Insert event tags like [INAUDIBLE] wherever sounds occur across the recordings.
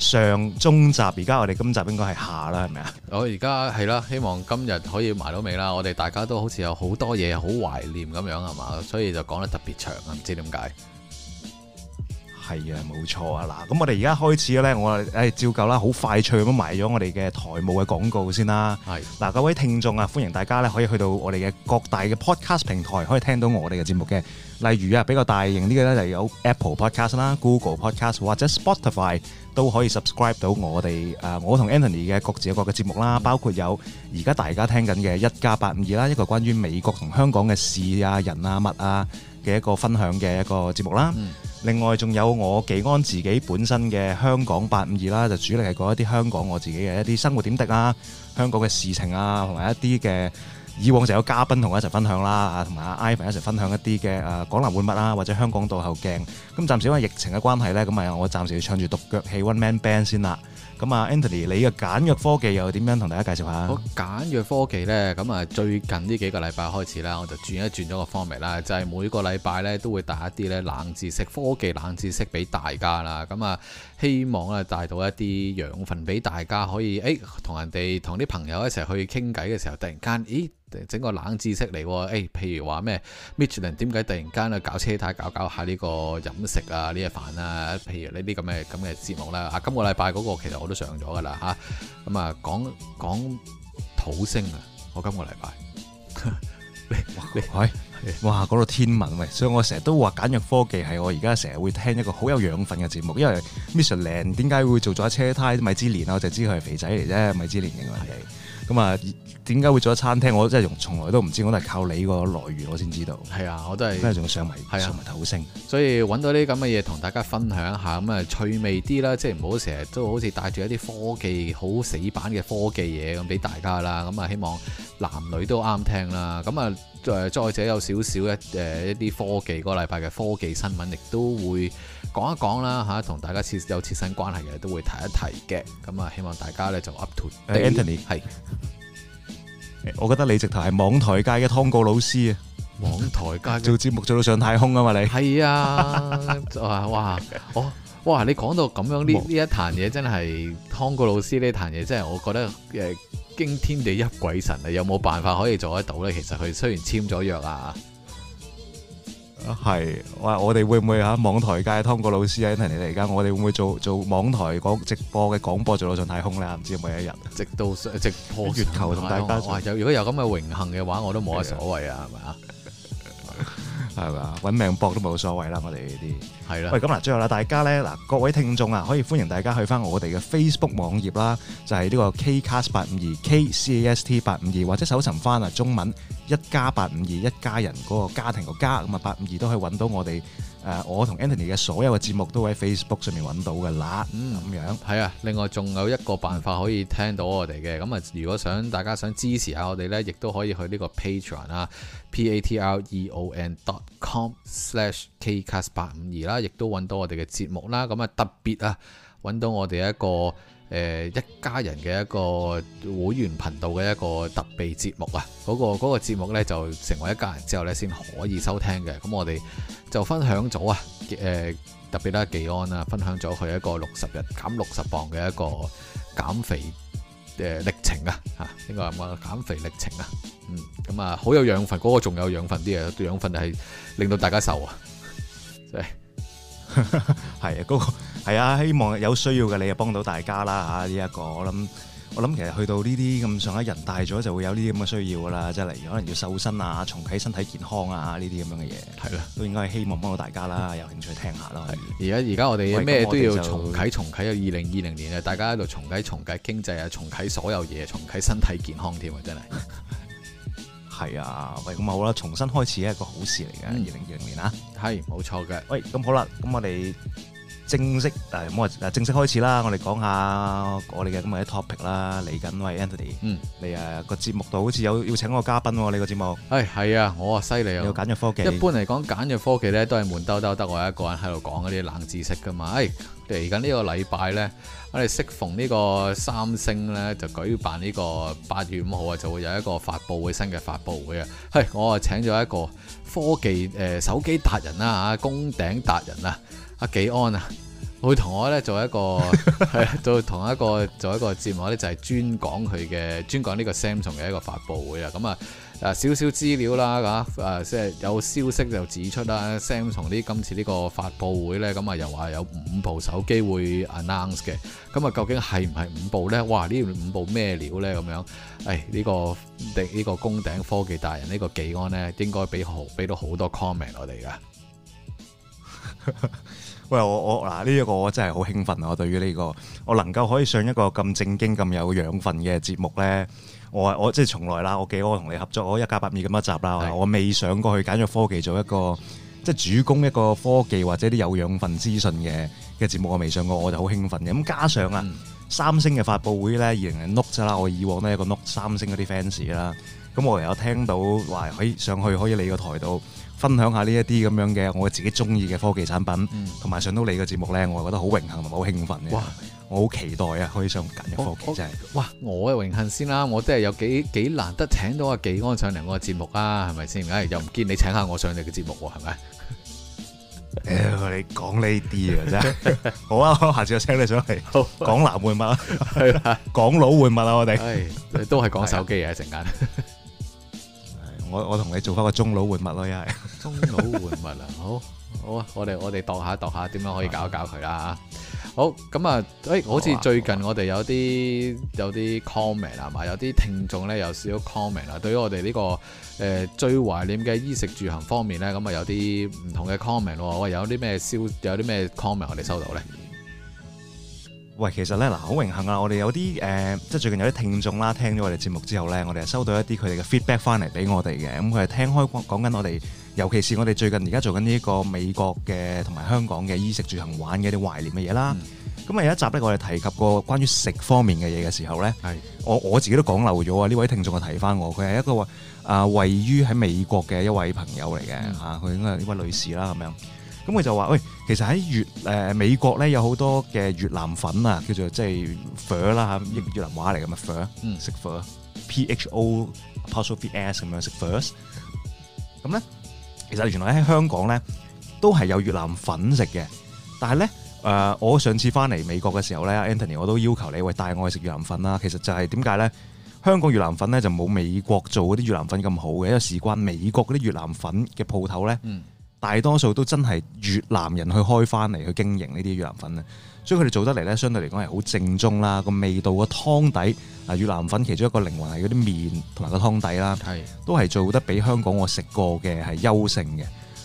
上中集，而家我哋今集應該係下啦，係咪啊？我而家係啦，希望今日可以埋到尾啦。我哋大家都好似有好多嘢好懷念咁樣，係嘛？所以就講得特別長啊，唔知點解。係啊，冇錯啊。嗱，咁我哋而家開始咧，我誒照舊啦，好快脆咁埋咗我哋嘅台務嘅廣告先啦。係嗱，各位聽眾啊，歡迎大家咧可以去到我哋嘅各大嘅 podcast 平台，可以聽到我哋嘅節目嘅。例如啊，比較大型呢個咧就有 Apple Podcast 啦、Google Podcast 或者 Spotify 都可以 subscribe 到我哋誒我同 Anthony 嘅各自有各嘅節目啦。包括有而家大家聽緊嘅一家八五二啦，一個關於美國同香港嘅事啊、人啊、物啊嘅一個分享嘅一個節目啦。另外仲有我紀安自己本身嘅香講八五二啦，就主力係講一啲香港我自己嘅一啲生活點滴啊，香港嘅事情啊，同埋一啲嘅以往就有嘉賓同我一齊分享啦，啊，同埋阿 Ivan 一齊分享一啲嘅港南玩物啦，或者香港倒後鏡。咁暫時因為疫情嘅關係呢，咁啊我暫時要唱住獨腳戲 One Man Band 先啦。咁啊，Anthony，你嘅簡約科技又點樣同大家介紹下？我、那個、簡約科技呢，咁啊最近呢幾個禮拜開始啦，我就轉一轉咗個方面啦，就係、是、每個禮拜呢都會帶一啲呢冷知識、科技冷知識俾大家啦。咁啊～希望啊，帶到一啲養分俾大家，可以誒同、哎、人哋同啲朋友一齊去傾偈嘅時候，突然間，咦，整個冷知識嚟喎、哎！譬如話咩 Michelin 點解突然間啊搞車胎，搞搞下呢個飲食啊呢一、這個、飯啊，譬如呢啲咁嘅咁嘅節目啦、啊。啊，今個禮拜嗰個其實我都上咗㗎喇吓，咁啊，啊講講土星啊，我今個禮拜 [LAUGHS] 你 [LAUGHS] 哇！嗰度天文喂，所以我成日都話簡約科技係我而家成日會聽一個好有養分嘅節目，因為 Michelin 點解會做咗車胎米芝蓮啊？我就知佢係肥仔嚟啫，米芝蓮嘅人嚟。咁啊，點解會做咗餐廳？我真係從從來都唔知，我都係靠你個來源我先知道。係啊，我都係。而家仲上埋上埋頭聲，所以揾到啲咁嘅嘢同大家分享一下，咁啊，趣味啲啦，即係唔好成日都好似帶住一啲科技好死板嘅科技嘢咁俾大家啦。咁啊，希望男女都啱聽啦。咁啊～再者有少少一誒一啲科技嗰、那個禮拜嘅科技新聞，亦都會講一講啦嚇，同大家設有切身關係嘅都會提一提嘅。咁啊，希望大家呢就 update、uh。Anthony 係，我覺得你直頭係網台界嘅湯告魯斯啊，網台界做節目做到上太空啊嘛，你係啊， [LAUGHS] 哇我。哦。哇！你講到咁樣呢，呢一壇嘢真係湯哥老師，呢壇嘢真係，我覺得誒驚天地泣鬼神啊！有冇辦法可以做得到咧？其實佢雖然簽咗約了，哇會會啊，係我我哋會唔會嚇網台界湯哥老師啊？同你哋而家我哋會唔會做做網台講直播嘅廣播做到上太空咧？唔知有冇一日直到直播月球同大家哇！如果有咁嘅榮幸嘅話，我都冇乜所謂啊，係咪啊？係咪啊？揾 [LAUGHS] 命搏都冇所謂啦，我哋呢啲。係啦，喂，咁啦，最後啦，大家咧，嗱，各位聽眾啊，可以歡迎大家去翻我哋嘅 Facebook 網頁啦，就係呢個 Kcast 八五二 Kcast 八五二，或者搜尋翻啊中文一家八五二一家人嗰個家庭個家，咁啊八五二都可以揾到我哋。誒，我同 Anthony 嘅所有嘅節目都喺 Facebook 上面揾到㗎喇，嗯，咁樣。係啊，另外仲有一個辦法可以聽到我哋嘅，咁、嗯、啊，如果想大家想支持下我哋呢，亦都可以去呢個 Patreon 啊，P-A-T-R-E-O-N.dot.com/slash/kcast 八五二啦，亦 -e、都揾到我哋嘅節目啦，咁啊特別啊揾到我哋一個。誒，一家人嘅一個會員頻道嘅一個特別節目啊，嗰個嗰個節目咧，就成為一家人之後咧先可以收聽嘅。咁我哋就分享咗啊，誒特別咧紀安啦，分享咗佢一個六十日減六十磅嘅一個減肥誒歷程啊，嚇，應該係減肥歷程啊，嗯，咁啊好有養分，嗰個仲有養分啲啊，養分係令到大家瘦啊，係，係啊，嗰個。係啊，希望有需要嘅你啊幫到大家啦！吓呢一個，我諗我諗，其實去到呢啲咁，上一人大咗就會有呢啲咁嘅需要噶啦，即係可能要瘦身啊，重啟身體健康啊呢啲咁樣嘅嘢，係啦，都應該係希望幫到大家啦，有興趣聽下咯。而家而家我哋咩都要重啟，重啟啊！二零二零年啊，大家喺度重啟，重啟經濟啊，重啟所有嘢，重啟身體健康添啊！真係。係 [LAUGHS] [LAUGHS] 啊，喂，咁好啦，重新開始係、就是、一個好事嚟嘅。二零二零年啊，係冇錯嘅。喂，咁好啦，咁我哋。正式誒，冇話正式開始啦！我哋講下我哋嘅咁嘅 topic 啦。嚟緊喂 Anthony、嗯、你誒個節目度好似有要請個嘉賓喎？哦。你個節目，誒、哎、係啊，我啊犀利啊！有簡約科技一般嚟講，簡約科技咧都係悶兜兜得我一個人喺度講嗰啲冷知識噶嘛。誒嚟緊呢個禮拜咧，我哋適逢呢個三星咧就舉辦呢個八月五號啊，就會有一個發布會新嘅發布會啊。係、哎、我啊請咗一個科技誒、呃、手機達人啦、啊、嚇，工頂達人啊！阿紀安啊，佢同我咧做一個，係 [LAUGHS] 做同一個做一個節目咧，就係、係、專講佢嘅專講呢個 Samsung 嘅一個發布會啊。咁啊，誒少少資料啦，嚇誒即係有消息就指出啦，Samsung 呢今次呢個發布會咧，咁啊又話有五部手機會 announce 嘅，咁啊究竟係唔係五部咧？哇！呢五部咩料咧？咁樣誒呢、哎呢個呢、呢個工頂科技大人、呢個、紀呢個紀安咧，應該俾好俾到好多 comment 我哋噶。 [LAUGHS] 喂，我我嗱，呢一個我真係好興奮啊！我對於呢個我能夠可以上一個咁正經、咁有養分嘅節目咧，我我即係從來啦，我幾我同你合作，我一家852咁一集啦，我未上過去揀咗科技做一個即係主攻一個科技或者啲有養分資訊嘅嘅節目，我未上過，我就好興奮嘅。咁加上啊、嗯，三星嘅發布會咧，2020 Note 啦，我以往都係一個 Note 三星嗰啲 fans 啦，咁我又有聽到話可以上去可以嚟個台度。分享下呢一啲咁樣嘅我自己中意嘅科技產品，同埋上到你嘅節目咧，我係覺得好榮幸同埋好興奮嘅。哇！我好期待啊，可以上緊嘅科技真係。哇！我嘅榮幸先啦，我真係有幾幾難得請到阿幾安上嚟我嘅節目啊，係咪先？唉，又唔見你請下我上嚟嘅節目喎，係咪？屌你講呢啲啊啫。好啊，下次我請你上嚟，講南換物，係啦，講老換物啊，我哋都係講手機啊一陣間。我我同你做翻個中老換物咯，一係。 [LAUGHS] 中老回物啦，好好啊！我哋我哋度下度下，點樣可以搞一搞佢啦啊！好咁啊，誒、欸，好似最近我哋有啲有啲 comment 係嘛，有啲聽眾咧有少少 comment 啊，對於我哋呢、這個誒、呃、最懷念嘅衣食住行方面咧，咁啊有啲唔同嘅 comment，喂，有啲咩消有啲咩 comment 我哋收到咧？喂，其實咧嗱，好榮幸啊！我哋有啲誒、呃，即係最近有啲聽眾啦，聽咗我哋節目之後咧，我哋係收到一啲佢哋嘅 feedback 翻嚟俾我哋嘅，咁佢係聽開講緊我哋。尤其是我哋最近而家做緊呢一個美國嘅同埋香港嘅衣食住行玩嘅一啲懷念嘅嘢啦，咁、嗯、啊有一集咧，我哋提及過關於食方面嘅嘢嘅時候咧，我我自己都講漏咗啊！呢位聽眾啊，提返我，佢係一個啊位於喺美國嘅一位朋友嚟嘅嚇，佢、嗯、應該係呢位女士啦咁樣。咁佢就話，喂，其實喺越誒、呃、美國咧，有好多嘅越南粉啊，叫做即係 phở 啦越南話嚟嘅嘛 phở，phở，P H O apostrophe S 咁樣食 phở 咁咧。其實原來喺香港咧都係有越南粉食嘅，但係咧、呃、我上次翻嚟美國嘅時候咧，Anthony 我都要求你，喂，帶我去食越南粉啦。其實就係點解咧？香港越南粉咧就冇美國做嗰啲越南粉咁好嘅，因為事關美國嗰啲越南粉嘅鋪頭咧，大多數都真係越南人去開翻嚟去經營呢啲越南粉啊。所以佢哋做得嚟咧，相對嚟講係好正宗啦，個味道個湯底啊，越南粉其中一個靈魂係嗰啲麵同埋個湯底啦，係都係做得比香港我食過嘅係優勝嘅。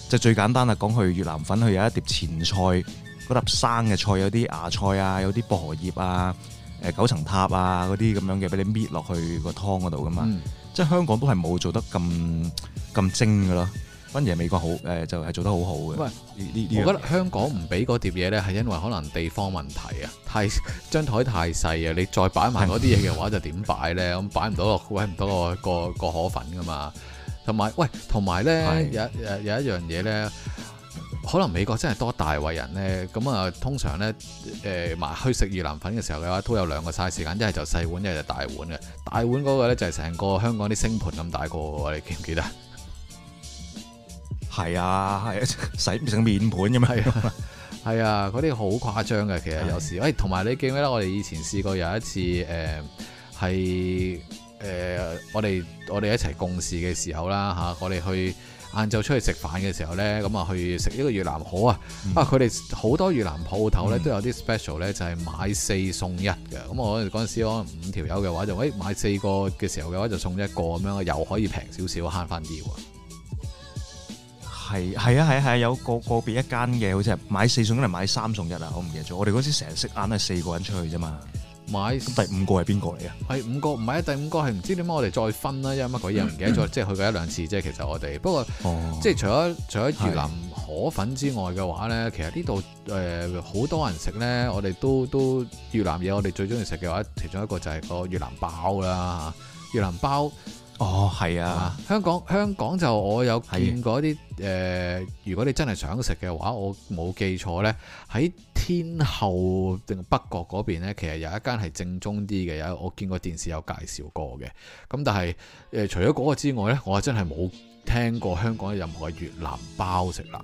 就最簡單啦，講去越南粉，佢有一碟前菜，嗰粒生嘅菜有啲芽菜啊，有啲薄荷葉啊，誒九層塔啊嗰啲咁樣嘅，俾你搣落去個湯嗰度㗎嘛。即係香港都係冇做得咁咁精㗎囉。反而美國好，誒就係做得好好嘅。唔係，我覺得香港唔俾嗰碟嘢咧，係因為可能地方問題啊，太張台太細啊，你再擺埋嗰啲嘢嘅話就點擺咧？咁擺唔到個位，唔到個個個河粉噶嘛。同埋，喂，同埋咧，有有，有一樣嘢咧，可能美國真係多大胃人咧。咁啊，通常咧，誒、呃、埋去食越南粉嘅時候嘅話，都有兩個曬時間，一係就細碗，一係就大碗嘅。大碗嗰個咧就係成個香港啲星盤咁大個喎，你記唔記得？係啊，係啊，洗唔成面盤咁樣。係啊，嗰啲好誇張嘅，其實有時。誒，同、哎、埋你記唔記得我哋以前試過有一次，誒係誒我哋我哋一齊共事嘅時候啦，嚇、啊、我哋去晏晝出去食飯嘅時候咧，咁啊去食呢個越南河啊、嗯。啊，佢哋好多越南鋪頭咧都有啲 special 咧，就係買四送一嘅。咁我嗰陣時可能五條友嘅話就，誒、哎、買四個嘅時候嘅話就送一個咁樣，又可以平少少，慳翻啲喎。係係啊係啊係啊，有個個別一間嘅好似係買四送，可能買三送一啊！我唔記得咗。我哋嗰時成日食晏都係四個人出去啫嘛。買 4... 第，第五個係邊個嚟啊？係五個唔係啊！第五個係唔知點解我哋再分啦，因為乜鬼嘢唔記得咗。即係去過一兩次即啫。其實我哋不過、哦、即係除咗除咗越南河粉之外嘅話咧，其實呢度誒好多人食咧。我哋都都越南嘢，我哋最中意食嘅話，其中一個就係個越南包啦。越南包。哦，係啊、嗯！香港香港就我有見過啲誒、呃，如果你真係想食嘅話，我冇記錯呢，喺天后定北角嗰邊呢，其實有一間係正宗啲嘅，有我見過電視有介紹過嘅。咁但係誒、呃，除咗嗰個之外呢，我真係冇聽過香港任何嘅越南包食啦。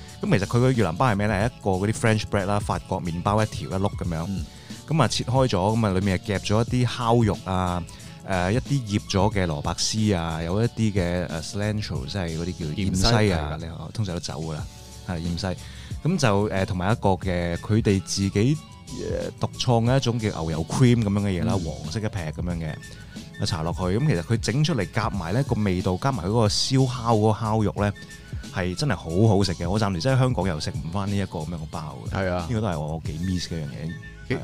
咁其實佢個越南包係咩咧？一個嗰啲 French bread 啦，法國麵包一條一碌咁樣，咁、嗯、啊切開咗，咁啊裏面係夾咗一啲烤肉啊，誒、呃、一啲醃咗嘅蘿蔔絲啊，有一啲嘅 cilantro 即係嗰啲叫芫茜啊，你可通常都走㗎啦，係芫茜。咁就誒同埋一個嘅佢哋自己獨創嘅一種叫牛油 cream 咁樣嘅嘢啦，黃色一撇咁樣嘅，啊搽落去。咁其實佢整出嚟夾埋呢個味道，夾埋佢嗰個燒烤嗰個烤肉咧。係真係好好食嘅，我暫時真喺香港又食唔返呢一個咁樣嘅包嘅。係啊，呢個都係我，我幾 miss 嘅一樣嘢。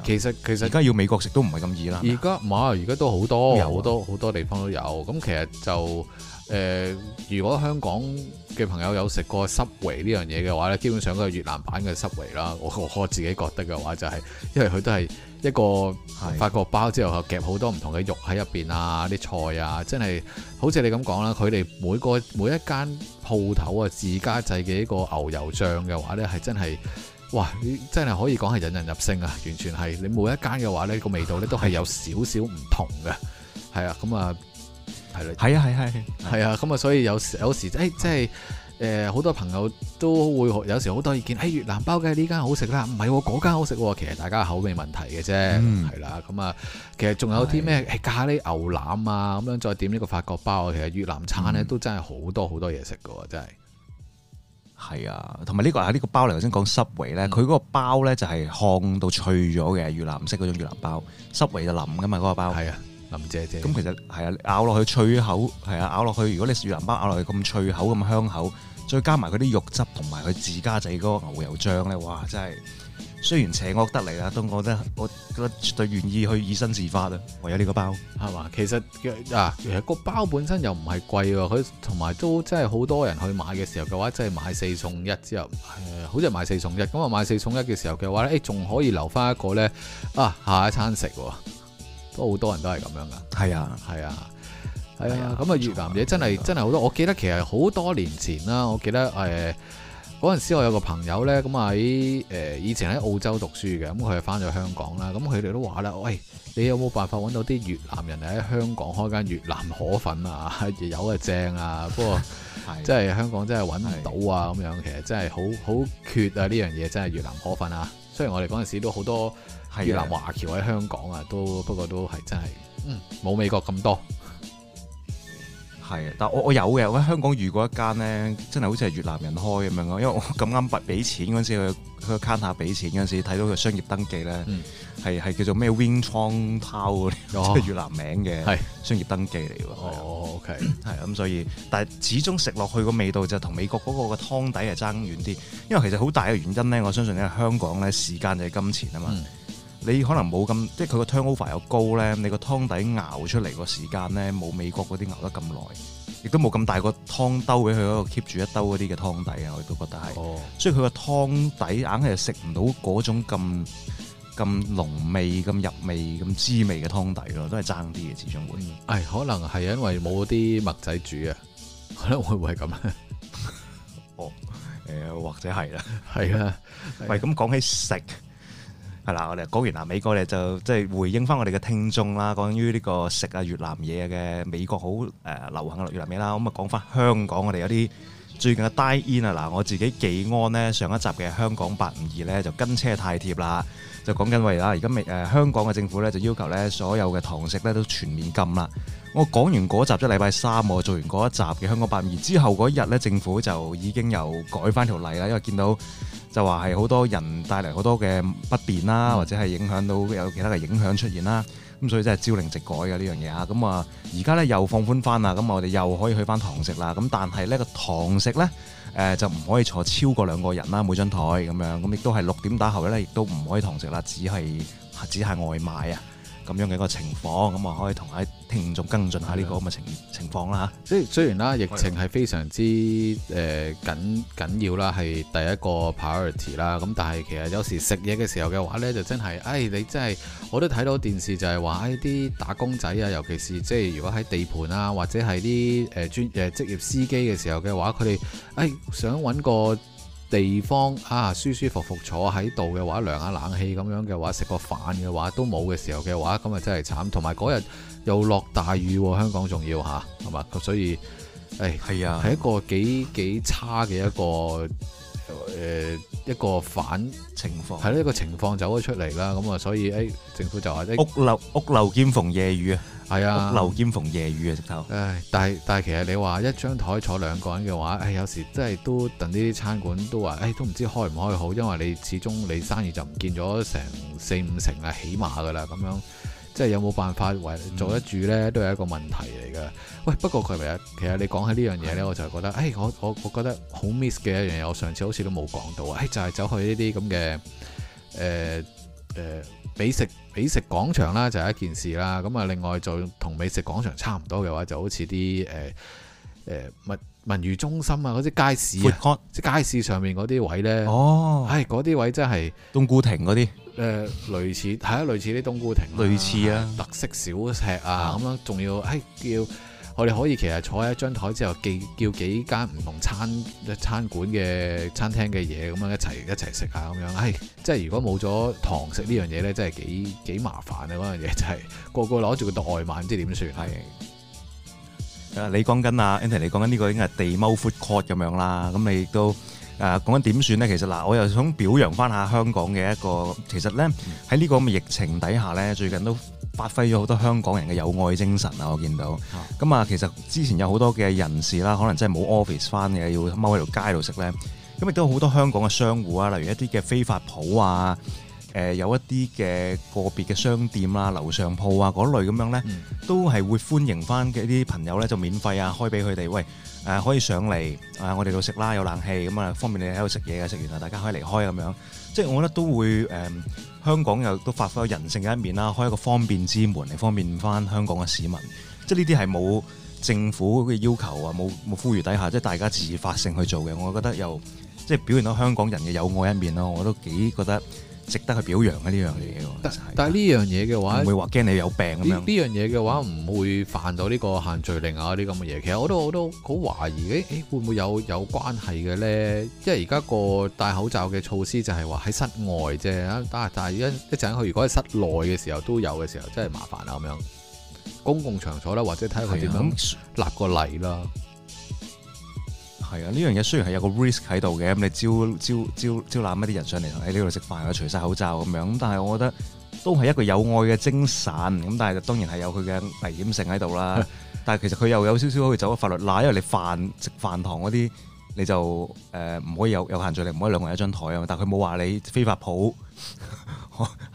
其實、啊、其實而家要美國食都唔係咁易啦。而家唔係，而家嗎都好多好多好多地方都有。咁其實就。誒、呃，如果香港嘅朋友有食過 Subway 呢樣嘢嘅話咧，基本上都係越南版嘅 Subway 啦，我我自己覺得嘅話就係、是，因為佢都係一個法國包之後夾好多唔同嘅肉喺入邊啊，啲菜啊，真係好似你咁講啦，佢哋每個每一間鋪頭啊，自家製嘅一個牛油醬嘅話呢係真係，哇！真係可以講係引人入勝啊，完全係你每一間嘅話呢、個味道呢都係有少少唔同嘅，係啊，咁啊。係啦，係啊，係係，係啊，咁啊，所以有有時，誒，即係，誒，好多朋友都會，的有時好多意見，誒，越南包嘅呢間好食啦，唔係，嗰間好食，其實大家口味問題嘅啫，係、嗯、啦，咁啊，其實仲有啲咩，誒，咖喱牛腩啊，咁樣再點呢個法國包，其實越南餐咧都真係好多好多嘢食噶，真係。係啊，同埋呢個喺呢、這個包嚟，頭先講 Subway 咧，佢嗰個包咧就係烘到脆咗嘅越南式嗰種越南包，Subway 就腍噶嘛嗰、那個包，係啊。林姐姐，咁其實係啊，咬落去脆口，係啊，咬落去如果你越南包咬落去咁脆口咁香口，再加埋佢啲肉汁同埋佢自家製嗰個牛油醬咧，哇！真係雖然邪惡得嚟啦，但我真我覺得絕對願意去以身試法啦。唯有呢個包係嘛，其實啊，其實個包本身又唔係貴喎，佢同埋都真係好多人去買嘅時候嘅話，真、就、係、是、買四送一之後，呃、好似係買四送一咁。我買四送一嘅時候嘅話咧，仲、欸、可以留翻一個咧啊，下一餐食喎。都好多人都係咁樣噶，係啊，係啊，係啊，咁啊，啊那越南嘢真係、啊、真係好多。我記得其實好多年前啦，我記得誒嗰陣時我有個朋友咧，咁喺誒以前喺澳洲讀書嘅，咁佢係翻咗香港啦，咁佢哋都話啦，喂，你有冇辦法揾到啲越南人喺香港開間越南河粉啊？有就正啊，不過係即係香港真係揾唔到啊咁樣。其實真係好好缺啊呢樣嘢，真係越南河粉啊。雖然我哋嗰陣時都好多。越南華僑喺香港啊，都不過都係真係，冇美國咁多。係啊，但我我有嘅，我喺香港遇過一間咧，真係好似係越南人開咁樣咯。因為我咁啱畢俾錢嗰陣時候，佢佢 counter 俾錢嗰陣時候，睇到個商業登記咧，係、嗯、係叫做咩 Wing Tong Tau、哦、u 即、就、係、是、越南名嘅商業登記嚟㗎。哦，OK，係咁，所以，哦 okay、所以但係始終食落去個味道就同美國嗰個嘅湯底係爭遠啲。因為其實好大嘅原因咧，我相信咧，香港咧時間就係金錢啊嘛。嗯你可能冇咁，即係佢個 turnover 又高咧，你個湯底熬出嚟個時間咧，冇美國嗰啲熬得咁耐，亦都冇咁大個湯兜俾佢喺度 keep 住一兜嗰啲嘅湯底啊，我亦都覺得係。哦，所以佢個湯底硬係食唔到嗰種咁咁濃味、咁入味、咁滋味嘅湯底咯，都係爭啲嘅始終會。誒、哎，可能係因為冇啲麥仔煮啊，可能會唔會係咁咧？ [LAUGHS] 哦，誒、呃、或者係啦，係 [LAUGHS] 啦。喂，咁 [LAUGHS] 講起食。係啦，我哋講完啦，美國咧就即係回應翻我哋嘅聽眾啦，講於呢個食啊，越南嘢嘅美國好誒流行嘅越南嘢啦，咁啊講翻香港我哋有啲最近嘅 Dine in 啊，嗱我自己幾安咧，上一集嘅香港八五二咧就跟車太貼啦，就講緊話而家而家未誒香港嘅政府咧就要求咧所有嘅堂食咧都全面禁啦。我講完嗰一集即係禮拜三，我做完嗰一集嘅香港八五二之後嗰日咧，政府就已經又改翻條例啦，因為見到。就話係好多人帶嚟好多嘅不便啦，或者係影響到有其他嘅影響出現啦。咁所以真係朝令夕改嘅呢樣嘢啊！咁啊，而家呢又放寬翻啦，咁我哋又可以去翻堂食啦。咁但係呢個堂食呢，誒就唔可以坐超過兩個人啦，每張台咁樣。咁亦都係六點打後呢，亦都唔可以堂食啦，只係只係外賣啊。咁樣嘅一個情況，咁、嗯、我可以同喺聽眾跟進下呢個咁嘅情情況啦嚇。雖雖然啦，疫情係非常之誒緊緊要啦，係第一個 priority 啦。咁但係其實有時食嘢嘅時候嘅話呢，就真係，誒、哎、你真係我都睇到電視就係話，誒、哎、啲打工仔啊，尤其是即係如果喺地盤啊，或者係啲誒專誒職業司機嘅時候嘅話，佢哋誒想揾個地方啊，舒舒服服坐喺度嘅話，涼下冷氣咁樣嘅話，食個飯嘅話都冇嘅時候嘅話，咁啊真係慘。同埋嗰日又落大雨，香港仲要吓，係嘛？咁所以，誒係啊，係一個幾幾差嘅一個誒、呃、一個反情況，係呢、啊、個情況走咗出嚟啦。咁啊，所以誒、哎、政府就話屋漏屋漏兼逢夜雨啊。係啊，漏兼逢夜雨啊，直頭。唉，但係但係其實你話一張台坐兩個人嘅話，唉，有時真係都等啲餐館都話，唉，都唔知開唔開好，因為你始終你生意就唔見咗成四五成啊，起碼㗎啦咁樣，即係有冇辦法維做得住呢？嗯、都係一個問題嚟㗎。喂，不過佢其實其實你講起呢樣嘢呢，我就覺得，唉，我我我覺得好 miss 嘅一樣嘢，我上次好似都冇講到啊，就係、是、走去呢啲咁嘅誒誒美食。美食廣場啦，就係一件事啦。咁啊，另外就同美食廣場差唔多嘅話，就好似啲誒誒物文娛中心啊，嗰啲街市即、啊、係街市上面嗰啲位呢，哦，係嗰啲位真係冬菇亭嗰啲，誒、呃、類似係啊，類似啲、啊、冬菇亭、啊，類似啊，啊特色小食啊，咁樣仲要係叫。哎我哋可以其實坐喺一張台之後，叫幾間唔同餐、嘅餐館嘅餐廳嘅嘢咁樣一齊一齊食下。咁樣，係即係如果冇咗堂食呢樣嘢咧，真係幾，幾麻煩啊！嗰樣嘢就係、是、個個攞住個代碼，唔知點算係。啊，你講緊啊，Andy，、啊、你講緊呢個應該係地踎 food court 咁樣啦，咁你亦都。誒講緊點算呢？其實嗱，我又想表揚翻下香港嘅一個，其實呢，喺、嗯、呢個咁嘅疫情底下呢，最近都發揮咗好多香港人嘅友愛精神啊！我見到咁、嗯、啊，其實之前有好多嘅人士啦，可能真係冇 office 翻嘅，要踎喺條街度食呢。咁亦都好多香港嘅商戶啊，例如一啲嘅非法鋪啊、呃，有一啲嘅個別嘅商店啦、啊、樓上鋪啊嗰類咁樣呢，嗯、都係會歡迎翻嘅一啲朋友呢，就免費啊開俾佢哋喂。誒可以上嚟，誒我哋度食啦，有冷氣咁啊，方便你喺度食嘢嘅，食完啊大家可以離開咁樣，即係我覺得都會誒、嗯、香港又都發揮人性嘅一面啦，開一個方便之門嚟方便返香港嘅市民，即係呢啲係冇政府嘅要求啊，冇冇呼籲底下，即係大家自發性去做嘅，我覺得又即係表現到香港人嘅友愛一面咯，我都幾覺得。值得去表揚嘅呢樣嘢，但係呢樣嘢嘅話，唔會話驚你有病咁樣。呢樣嘢嘅話，唔會犯到呢個限聚令啊啲咁嘅嘢。其實我都我都好懷疑，誒、欸、誒會唔會有有關係嘅咧？因為而家個戴口罩嘅措施就係話喺室外啫啊，但係一一陣間佢如果喺室內嘅時候都有嘅時候，真係麻煩啊咁樣。公共場所啦，或者睇下佢點樣立個例啦。係啊，呢樣嘢雖然係有一個 risk 喺度嘅，咁你招招招招攬一啲人上嚟喺呢度食飯啊，除晒口罩咁樣，咁但係我覺得都係一個有愛嘅精神，咁但係當然係有佢嘅危險性喺度啦。 [LAUGHS] 但係其實佢又有少少可以走的法律罅啊，因為你飯食飯堂嗰啲你就誒唔、呃、可以有有限，可以有， [LAUGHS] 有限聚令，唔、就係、可以兩個人一張台啊，但佢冇話你非法鋪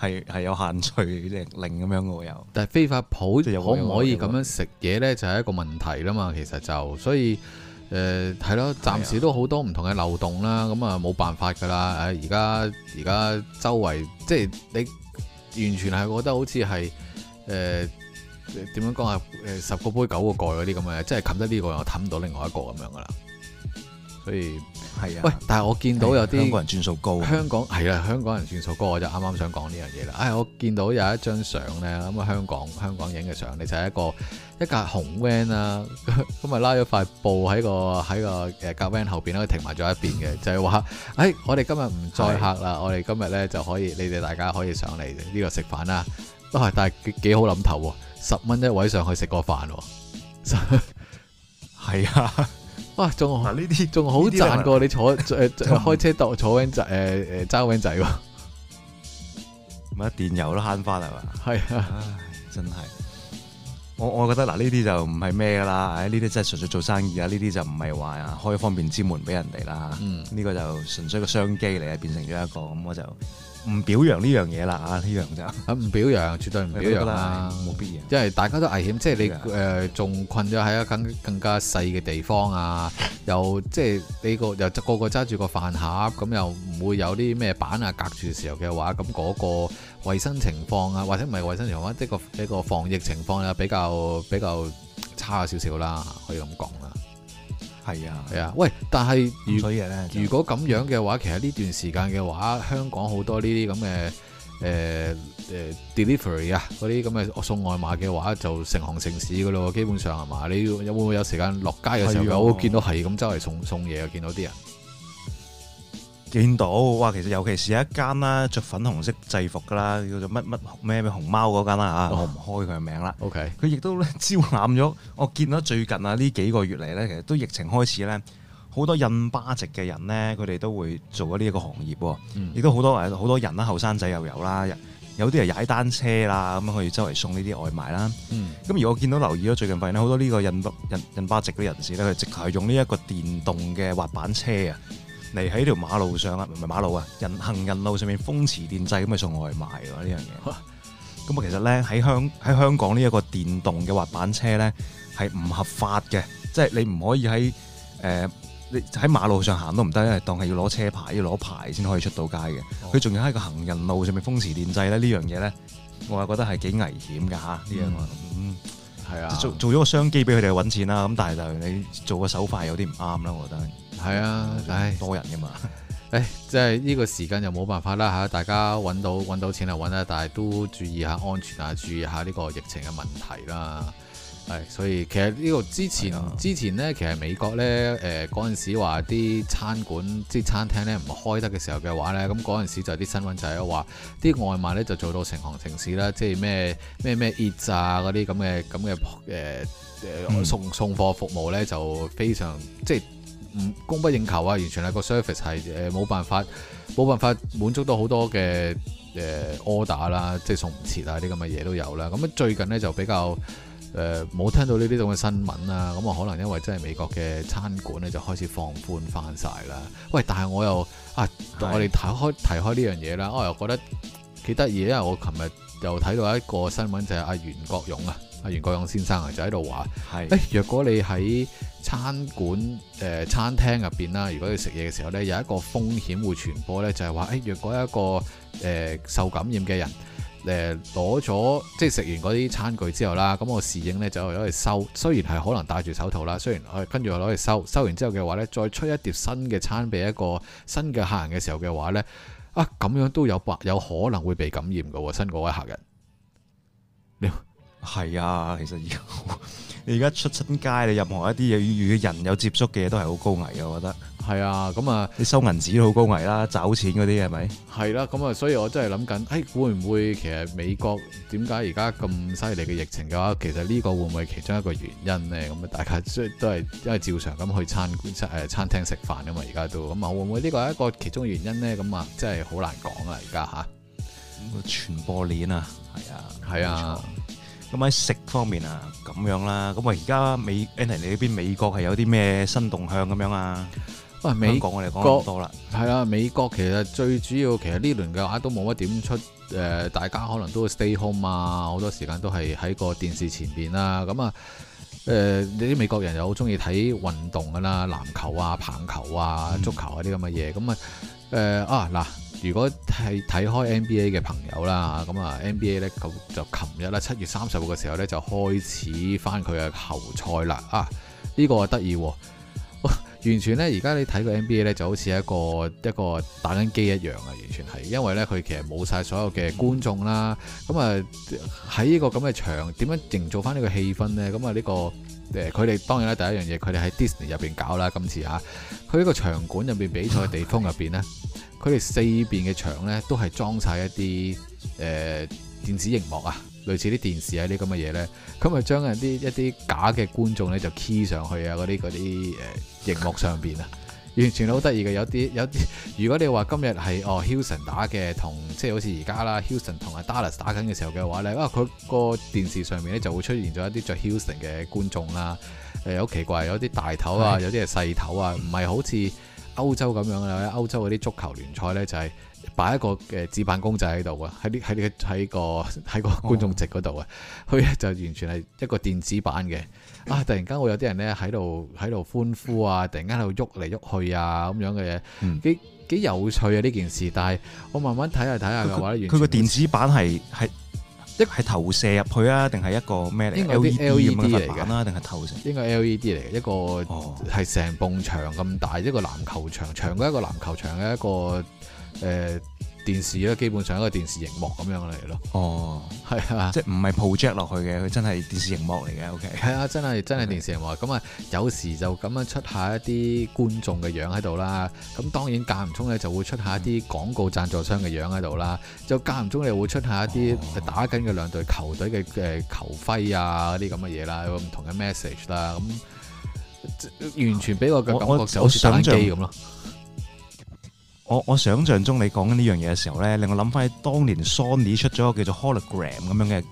係係有限聚令咁樣嘅喎又。但係非法鋪就又可唔可以咁樣食嘢咧？就係一個問題啦嘛。其實就所以。誒係咯，暫時都好多唔同嘅漏洞啦，咁啊冇辦法㗎啦。誒而家而家周圍即係你完全係覺得好似係誒點樣講啊？誒十個杯九個蓋嗰啲咁嘅，即係冚得呢個又唔冚到另外一個咁樣㗎啦。所以係啊，喂！但係我見到有啲、哎、香港人轉數高，香港係啊，香港人轉數高我就啱啱想講呢樣嘢啦。哎，我見到有一張相咧，咁、嗯、啊香港香港影嘅相，你就係、是、一個一架紅 van 啊，咁 [LAUGHS] 咪拉咗塊布喺個喺個誒 van 後邊咧，停埋咗一邊嘅，就係、是、話：哎，我哋今日唔再客啦，我哋今日咧就可以，你哋大家可以上嚟呢度食飯啦。都係，但係幾好諗頭喎，十蚊一位上去食個飯喎，係 [LAUGHS] 啊。哇，仲呢啲仲好賺過你坐誒開車度坐 Van 仔，誒誒揸 Van 仔喎，乜電油都慳翻係嘛？係啊，真係，我我覺得嗱呢啲就唔係咩㗎啦，唉呢啲真係純粹做生意啊，呢啲就唔係話啊開方便之門俾人哋啦，呢、嗯、個就純粹一個商機嚟，啊，變成咗一個咁、嗯、我就。唔表揚呢樣嘢啦，啊呢樣就唔表揚，絕對唔表揚啦，啊，冇必要，因為大家都危險，即係你誒仲、呃、困咗喺一個更加細嘅地方啊，又即係你個又個個揸住個飯盒咁，又唔會有啲咩板啊隔住嘅時候嘅話，咁嗰個衞生情況啊，或者唔係衞生情況，即係呢個、個防疫情況咧，比較比較差少少啦，可以咁講啦。係啊，係啊，喂！但係如果咁樣嘅話，其實呢段時間嘅話，香港好多呢啲咁嘅誒誒 delivery 啊，嗰啲咁嘅送外賣嘅話，就成行成市噶咯，基本上係嘛？你要有冇有時間落街嘅時候，係我見到係咁周圍送送嘢啊，見到啲人。見到哇，其實尤其係一間啦，着粉紅色制服㗎啦，叫做乜乜咩咩熊貓嗰間啦嚇，oh. 我唔開佢嘅名啦。OK，佢亦都招攬咗。我見到最近啊，呢幾個月嚟咧，其實都疫情開始咧，好多印巴籍嘅人咧，佢哋都會做咗呢一個行業。嗯、mm.，亦都好多誒，好多人啦，後生仔又有啦，有啲人踩單車啦，咁可以周圍送呢啲外賣啦。咁、mm. 而我見到留意咗最近發現好多呢個印巴印巴籍嘅人士咧，佢直頭係用呢一個電動嘅滑板車啊。嚟喺條馬路上啊，唔係馬路啊，人行人路上面風馳電掣咁咪送外賣喎呢樣嘢。咁 [LAUGHS] 啊其實咧喺香喺香港呢一個電動嘅滑板車咧係唔合法嘅，即係你唔可以喺誒你喺馬路上行都唔得咧，是當係要攞車牌要攞牌先可以出到街嘅。佢仲要喺個行人路上面風馳電掣咧呢樣嘢咧，我覺得係幾危險㗎吓呢樣嘢。嗯，係啊，做做咗個商機俾佢哋揾錢啦。咁但係就你做個手法有啲唔啱啦，我覺得。係啊，唉，多人噶嘛， [LAUGHS] 唉，即係呢個時間又冇辦法啦吓，大家揾到揾到錢就揾啊，但係都注意下安全啊，注意下呢個疫情嘅問題啦。係，所以其實呢個之前之前呢，其實美國呢，誒嗰陣時話啲餐館即係餐廳呢唔開得嘅時候嘅話呢，咁嗰陣時就啲新聞就係話啲外賣呢就做到成行成市啦，即係咩咩咩 Eats 啊嗰啲咁嘅咁嘅誒誒送送貨服務呢，就非常即係。就是唔供不應求啊，完全係個 service 係誒冇辦法冇辦法滿足到好多嘅誒 order 啦，即係送唔切啊啲咁嘅嘢都有啦。咁啊最近呢，就比較誒冇、呃、聽到呢啲咁嘅新聞啦。咁啊可能因為真係美國嘅餐館咧就開始放寬返晒啦。喂，但係我又啊，我哋睇開提開呢樣嘢啦，我又覺得幾得意啊！我琴日又睇到一個新聞就係、是、阿袁國勇啊。阿袁國勇先生啊，就喺度話：，誒，若果你喺餐館誒餐廳入面啦，如果你食嘢嘅時候呢，有一個風險會傳播呢，就係話，誒、呃，若果一個誒、呃、受感染嘅人，誒攞咗即係食完嗰啲餐具之後啦，咁我侍應呢就攞去收，雖然係可能戴住手套啦，雖然跟住攞去收，收完之後嘅話呢，再出一碟新嘅餐俾一個新嘅客人嘅時候嘅話呢，啊，咁樣都有白有可能會被感染㗎喎，新嗰位客人。係啊，其實要你而家出親街，你任何一啲嘢，與人有接觸嘅嘢都係好高危嘅，我覺得。係啊，咁、嗯、啊，你收銀紙都好高危啦，找錢嗰啲係咪？係啦，咁啊、嗯，所以我真係諗緊，誒、欸，會唔會其實美國點解而家咁犀利嘅疫情嘅話，其實呢個會唔會其中一個原因呢？咁啊，大家即係都係都係照常咁去餐館、餐廳食飯啊嘛，而家都咁啊、嗯，會唔會呢個係一個其中嘅原因呢？咁啊，真係好難講啊，而家吓傳播鏈啊，係啊，係啊。咁喺食方面啊，咁樣啦。咁啊，而家美，Anthony 你呢邊美國係有啲咩新動向咁樣啊？香港我哋講咁多啦。係啦，美國其實最主要其實呢輪嘅話都冇乜點出誒、呃，大家可能都 stay home 啊，好多時間都係喺個電視前邊啊。咁啊，誒你啲美國人又好中意睇運動噶啦，籃球啊、棒球啊、足球啊啲咁嘅嘢。咁、嗯、啊，誒啊嗱。啊。如果係睇開 NBA 嘅朋友啦，咁啊 NBA 呢，咁就琴日啦，七月三十號嘅時候呢，就開始翻佢嘅球賽啦啊！呢、這個得意喎。完全咧，而家你睇個 NBA 咧，就好似一個一個打緊機一樣啊！完全係，因為咧佢其實冇晒所有嘅觀眾啦。咁啊喺呢個咁嘅場，點樣營造翻呢個氣氛呢？咁啊呢個佢哋、呃、當然啦，第一樣嘢，佢哋喺 Disney 入面搞啦。今次嚇、啊，佢呢個場館入面比賽嘅地方入面呢，佢、嗯、哋四邊嘅牆呢，都係裝晒一啲、呃、電子熒幕啊！類似啲電視啊啲咁嘅嘢呢，咁啊將啲一啲假嘅觀眾呢，就 key 上去啊嗰啲嗰啲誒熒幕上面啊，完全好得意嘅。有啲有啲，如果你話今日係哦 Houston 打嘅，同即係好似而家啦，Houston 同埋 Dallas 打緊嘅時候嘅話呢，哇佢個電視上面呢，就會出現咗一啲着 Houston 嘅觀眾啦、啊，好奇怪有啲大頭啊，有啲係細頭啊，唔係好似歐洲咁樣啦，歐洲嗰啲足球聯賽呢，就係、是。擺一個誒紙板公仔喺度啊，喺啲喺你喺個喺個觀眾席嗰度啊，佢、哦、就完全係一個電子版嘅啊！突然間會有啲人咧喺度喺度歡呼啊，突然間喺度喐嚟喐去啊咁樣嘅嘢，嗯、幾幾有趣啊呢件事！但係我慢慢睇下睇下嘅話，佢個電子版係係一係投射入去啊，定係一個咩嚟、這個、？LED 嚟嘅啦，定係投射？應、這、該、個、LED 嚟嘅一個係成埲牆咁大、哦、一個籃球場，長過一個籃球場嘅一個。誒、呃、電視咧，基本上一個電視熒幕咁樣嚟咯。哦，係啊，即係唔係 project 落去嘅，佢真係電視熒幕嚟嘅。O K，係啊，真係真係電視熒幕。咁啊，有時就咁樣出一下一啲觀眾嘅樣喺度啦。咁當然間唔中咧就會出一下一啲廣告贊助商嘅樣喺度、呃啊、啦。就間唔中你會出下一啲打緊嘅兩隊球隊嘅誒球徽啊嗰啲咁嘅嘢啦，有唔同嘅 message 啦。咁完全俾我嘅感覺就好似單機咁咯。我我想象中你講緊呢樣嘢嘅時候咧，令我諗翻起當年 Sony 出咗個叫做 Hologram 咁樣嘅嘅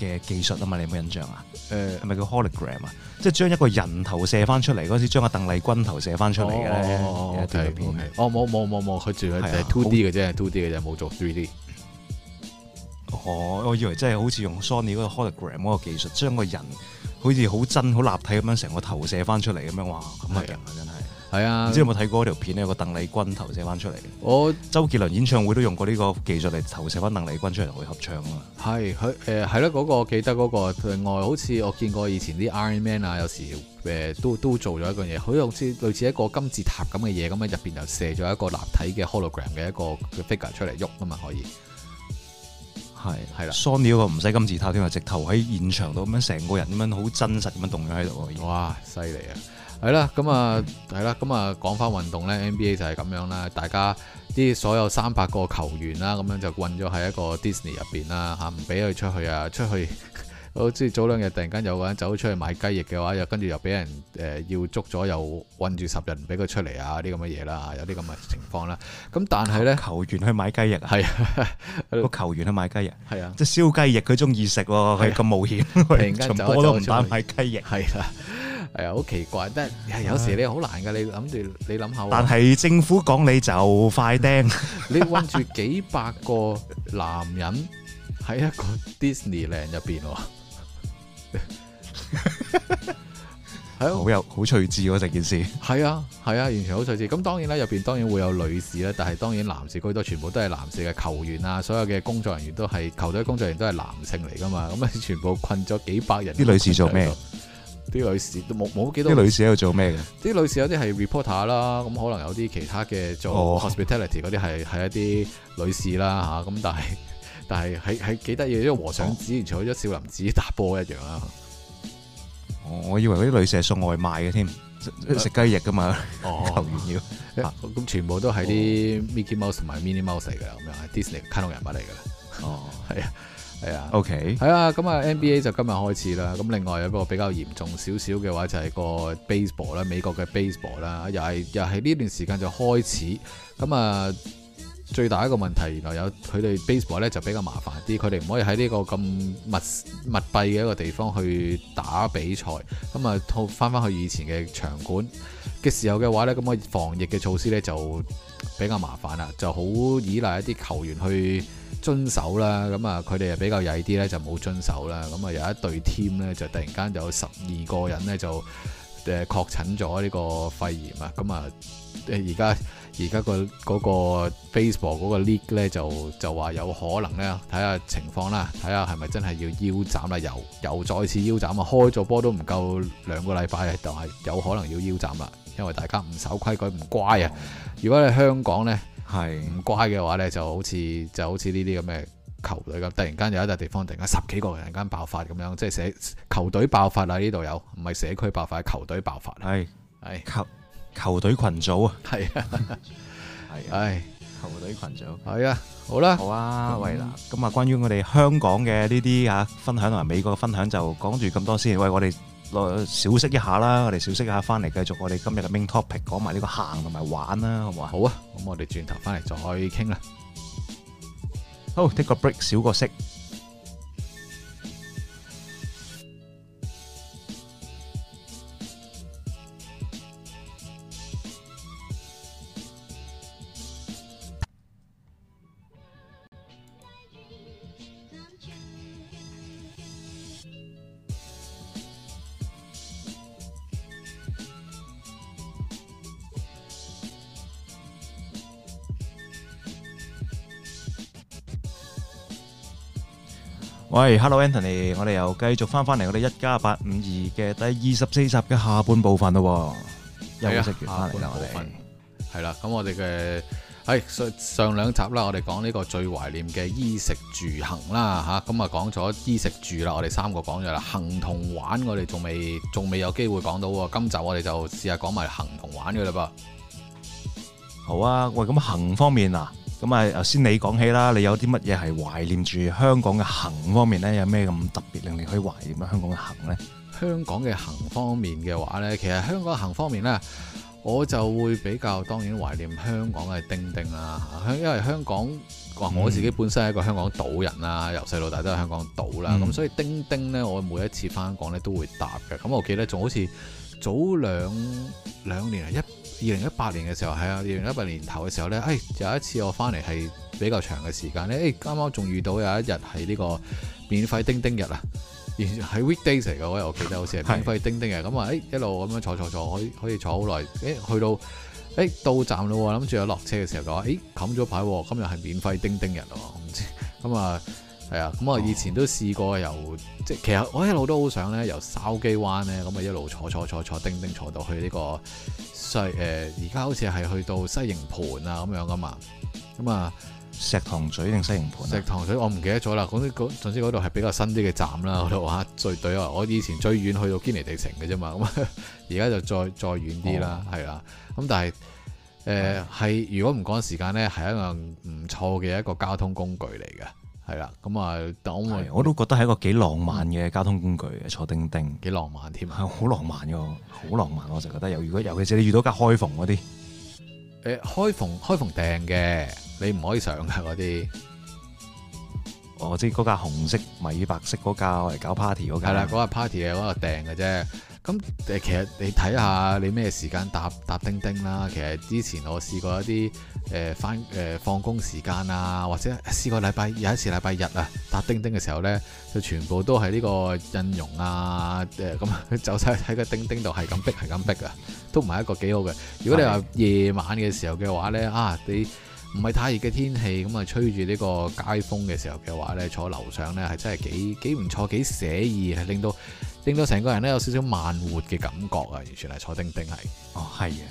嘅技術啊嘛，你有冇印象啊？誒、呃，係咪叫 Hologram 啊？即係將一個人投射翻出嚟嗰時，將阿鄧麗君投射翻出嚟嘅咧，喺電影入邊。哦，冇冇冇冇，佢、哦哦啊、做咗係 two D 嘅啫，two D 嘅啫，冇做 three D。哦，我以為真係好似用 Sony 嗰個 Hologram 嗰個技術，將個人好似好真好立體咁樣成個投射翻出嚟咁樣，哇，咁啊人啊真係。係啊！你知有冇睇過嗰條片咧？有個鄧麗君投射翻出嚟嘅，我周杰倫演唱會都用過呢個技術嚟投射翻鄧麗君出嚟同佢合唱啊！係佢誒係啦，嗰、呃嗰個我記得嗰、嗰個，另外好似我見過以前啲 Iron Man 啊，有時誒、呃、都都做咗一個嘢，好似類似一個金字塔咁嘅嘢，咁樣入邊又射咗一個立體嘅 Hologram 嘅一個 figure 出嚟喐啊嘛，可以係係啦，Sony 個唔使金字塔添啊，直頭喺現場度咁樣成個人咁樣好真實咁樣動咗喺度，哇，犀利啊！係啦，咁啊，係啦，咁啊，講翻運動咧，NBA 就係咁樣啦，大家啲所有三百個球員啦，咁樣就困咗喺一個 Disney 入邊啦，吓唔俾佢出去啊，出去，好似早兩日突然間有個人走出去買雞翼嘅話，又跟住又俾人誒、呃、要捉咗，又困住十日唔俾佢出嚟啊，啲咁嘅嘢啦，有啲咁嘅情況啦。咁但係咧，球員去買雞翼啊？係個、啊、球員去買雞翼？係啊，即係燒雞翼，佢中意食喎，佢咁冒險，停波都唔膽買雞翼。係啦。係啊，好奇怪！但係有時候你好難噶，你諗住你諗下。但係政府講你就快釘，你困住幾百個男人喺一個 Disneyland 入邊。 [LAUGHS] 好有好趣致喎，成件事。係啊係啊，完全好趣致。咁當然啦，入邊當然會有女士啦。但係當然男士居多，全部都係男士嘅球員啊，所有嘅工作人員都係球隊工作人員都係男性嚟噶嘛，咁啊全部困咗幾百人。啲女士做咩？啲女士都冇冇幾多？啲女士喺度做咩嘅？啲女士有啲係 reporter 啦，咁可能有啲其他嘅做 hospitality 嗰啲係係一啲女士啦嚇，咁、啊、但係但係係係幾得意，因為和尚之前除咗少林寺打波一樣啦、哦。我以為嗰啲女士係送外賣嘅添，食、呃、雞翼㗎嘛。哦，要咁、啊、全部都係啲 Mickey Mouse 同埋 Mini Mouse 嚟㗎，咁樣係 Disney 卡通人物嚟㗎。哦，係啊。係啊，OK，係啊，咁、okay. 啊，NBA 就今日開始啦。咁另外有一個比較嚴重少少嘅話就係個 baseball 啦，美國嘅 baseball 啦，又係又係呢段時間就開始。咁啊，最大一個問題原來有佢哋 baseball 咧就比較麻煩啲，佢哋唔可以喺呢個咁密密閉嘅一個地方去打比賽。咁啊，套翻翻去以前嘅場館嘅時候嘅話呢，咁啊防疫嘅措施呢就比較麻煩啦，就好依賴一啲球員去。遵守啦，咁啊佢哋又比較曳啲咧，就冇遵守啦。咁啊有一隊 team 咧，就突然間有十二個人咧就誒確診咗呢個肺炎啊。咁啊而家而家個嗰個 Facebook 嗰個 league 咧就就話有可能咧睇下情況啦，睇下係咪真係要腰斬啦？又又再次腰斬啊！開咗波都唔夠兩個禮拜，就係有可能要腰斬啦，因為大家唔守規矩唔乖啊！如果你香港咧，係唔乖嘅話呢，就好似就好似呢啲咁嘅球隊咁，突然間有一笪地方突然間十幾個人間爆發咁樣，即係社球隊爆發啦！呢度有唔係社區爆發，係球隊爆，爆發。係係球隊群組啊！係 [LAUGHS] 係、啊啊、球隊群組係啊！好啦，好啊，喂啦！咁啊，關於我哋香港嘅呢啲啊分享同埋美國嘅分享就講住咁多先。喂，我哋。落小息一下啦，我哋小息一下，回嚟繼續我哋今日嘅 main topic，講埋呢個行同埋玩啦，好唔好啊？好啊，咁我哋轉頭回嚟再傾啦。好，take a break, 少個 break，小個息。喂，Hello，Anthony，我哋又繼續翻翻嚟，我哋一家八五二嘅第二十四集嘅下半部分咯，休息完翻嚟啦，我哋係啦，咁我哋嘅喺上兩集啦，我哋講呢個最懷念嘅衣食住行啦，吓、啊，咁啊講咗衣食住啦，我哋三個講咗啦，行同玩我哋仲未，仲未有機會講到，今集我哋就試下講埋行同玩嘅啦噃，好啊，喂，咁行方面啊？咁啊！頭先你講起啦，你有啲乜嘢係懷念住香港嘅行方面呢？有咩咁特別令你可以懷念啊香港嘅行呢？香港嘅行方面嘅話呢，其實香港行方面呢，我就會比較當然懷念香港嘅叮叮啦。香因為香港話我自己本身係一個香港島人啦，由、嗯、細到大都喺香港島啦，咁、嗯、所以叮叮呢，我每一次返港呢都會搭嘅。咁我記得仲好似早兩兩年啊一。二零一八年嘅時候，係啊，二零一八年頭嘅時候咧，誒、哎、有一次我翻嚟係比較長嘅時間咧，誒啱啱仲遇到有一日係呢個免費叮叮日啊，原係 Weekdays 嚟嘅，我又記得好似係免費叮叮日，咁啊，誒一路咁樣坐坐坐，可以可以坐好耐，誒、哎、去到誒、哎、到站啦，諗住有落車嘅時候就話誒冚咗牌喎，今日係免費叮叮日喎，唔知咁啊。係啊，咁我以前都試過由即、哦、其實我一路都好想咧由筲箕灣咧咁啊一路坐坐坐坐叮叮坐到去呢、呢個西誒而家好似係去到西營盤啊咁樣噶嘛咁啊石塘咀定西營盤，盤石塘咀我唔記得咗啦。嗰啲嗰總之嗰度係比較新啲嘅站啦、嗯。我話再對話，我以前最遠去到堅尼地城嘅啫嘛。咁而家就再再遠啲啦，係、哦、啦。咁、啊、但係係、呃嗯，如果唔趕時間咧，係一樣唔錯嘅一個交通工具嚟嘅。係啦，咁啊，但我我都覺得係一個幾浪漫嘅交通工具，嗯、坐叮叮，幾浪漫添，係好浪漫嘅，好浪漫，我成日覺得有。如果尤其是你遇到架開篷嗰啲，誒開篷，開篷訂嘅，你唔可以上嘅嗰啲。我知嗰架紅色米白色嗰架嚟搞 party 嗰架，係啦，啊，嗰架 party 嘅嗰個訂嘅啫。咁其實你睇下你咩時間搭搭叮叮啦。其實之前我試過一啲誒、呃、翻誒放工時間啊，或者試過禮拜有一次禮拜日啊，搭叮叮嘅時候呢，就全部都係呢個印容啊咁、呃、走曬喺個叮叮度，係咁逼係咁逼啊，都唔係一個幾好嘅。如果你話夜晚嘅時候嘅話呢，啊你唔係太熱嘅天氣，咁啊吹住呢個街風嘅時候嘅話呢，坐樓上呢，係真係幾幾唔錯，幾寫意，係令到。令到成個人咧有少少慢活嘅感覺啊，完全係坐叮叮。係。哦，係啊，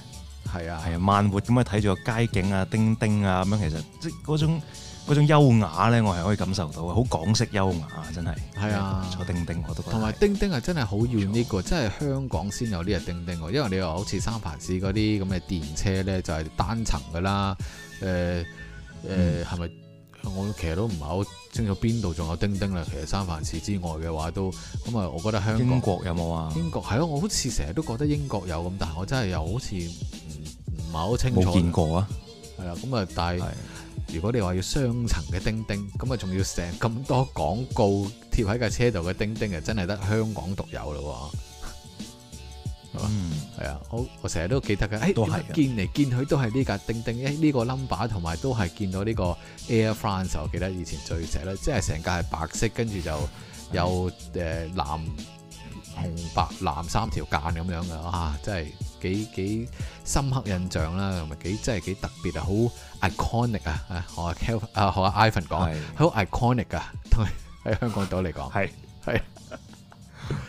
係啊，係啊，啊，慢活咁啊睇住個街景啊，叮叮啊咁樣，其實即係嗰種嗰種優雅咧，我係可以感受到啊，好港式優雅啊，真係。係啊，坐叮叮。我都覺得。同埋叮叮係真係好 unique 喎，真係香港先有呢個叮叮喎，因為你話好似三藩市嗰啲咁嘅電車咧，就係單層噶啦。誒、呃、誒，係、嗯、咪？我其實都唔係好。清楚邊度仲有叮叮咧？其實三藩市之外嘅話都咁啊、嗯，我覺得香港，英國有冇啊？英國係咯，我好似成日都覺得英國有咁，但係我真係又好似唔唔係好清楚。冇見過啊！係啦，咁啊，但係如果你話要雙層嘅叮叮，咁啊仲要成咁多廣告貼喺架車度嘅叮叮啊，真係得香港獨有咯喎！嗯嗯，係啊，我我成日都記得嘅，誒、哎，都係、啊、見嚟見去都係呢架叮叮，誒，呢、哎呢個 number 同埋都係見到呢個 Air France，我記得以前最值啦，即係成架係白色，跟住就有誒、嗯呃、藍紅白藍三條間咁樣嘅，啊，真係幾幾深刻印象啦，同埋幾真係幾特別啊，好 iconic 啊，學 Kel 啊學 Ivan 講，好 iconic 啊，同喺香港島嚟講，係係， [LAUGHS]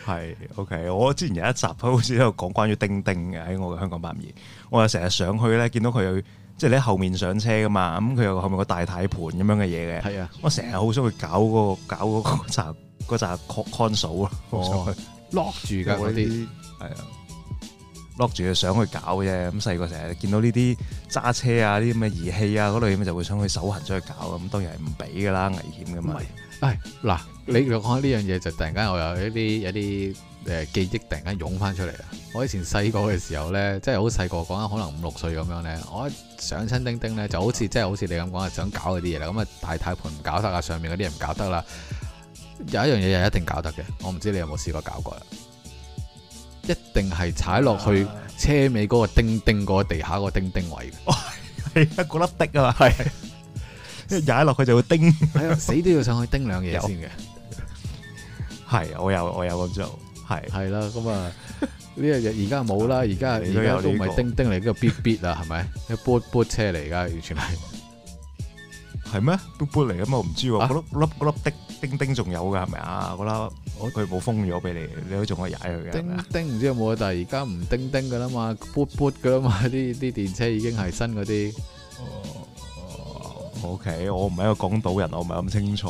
係 [LAUGHS] ，OK。我之前有一集好似喺度講關於叮叮嘅喺我嘅香講852，我又成日上去咧，見到佢有，即係你喺後面上車噶嘛，咁佢有後面有個大軚盤咁樣嘅嘢嘅。係啊，我成日好想去搞嗰個搞嗰扎嗰扎 control 咯，好想去 lock 住嘅嗰啲。係啊，lock 住想去搞啫。咁細個成日見到呢啲揸車啊、啲咁嘅儀器啊嗰類咁，就會想去手痕出去搞。咁當然係唔俾噶啦，危險噶嘛。唉，嗱，你講呢樣嘢就突然間我有一啲有啲誒記憶突然間湧翻出嚟啦。我以前細個嘅時候咧，即係好細個，講緊可能五六歲咁樣咧，我一上親叮叮咧，就好似即係好似你咁講，想搞嗰啲嘢啦，咁啊大太盤唔搞得啦，上面嗰啲唔搞得啦，有一樣嘢又一定搞得嘅，我唔知你有冇試過搞過啦，一定係踩落去車尾嗰個叮叮個地下個叮叮位，係 [LAUGHS] 一個粒滴的啊嘛，係。踩落去就會叮，係啊，死都要上去叮兩嘢先嘅。係，我有我有咁做，係係啦。咁啊，呢日而家冇啦，而家而家都唔係叮叮嚟，而家嗶嗶啦，係咪？一波波車嚟噶，完全係。係咩？波波嚟啊？嘛唔知，我覺得粒嗰粒的叮叮仲有噶，係咪啊？嗰粒我佢冇封咗俾你，你都仲可以踩佢嘅。叮叮唔知有冇啊？但係而家唔叮叮噶啦嘛，波波噶啦嘛，啲啲電車已經係新嗰啲。OK，我唔係一個港島人，我唔係咁清楚。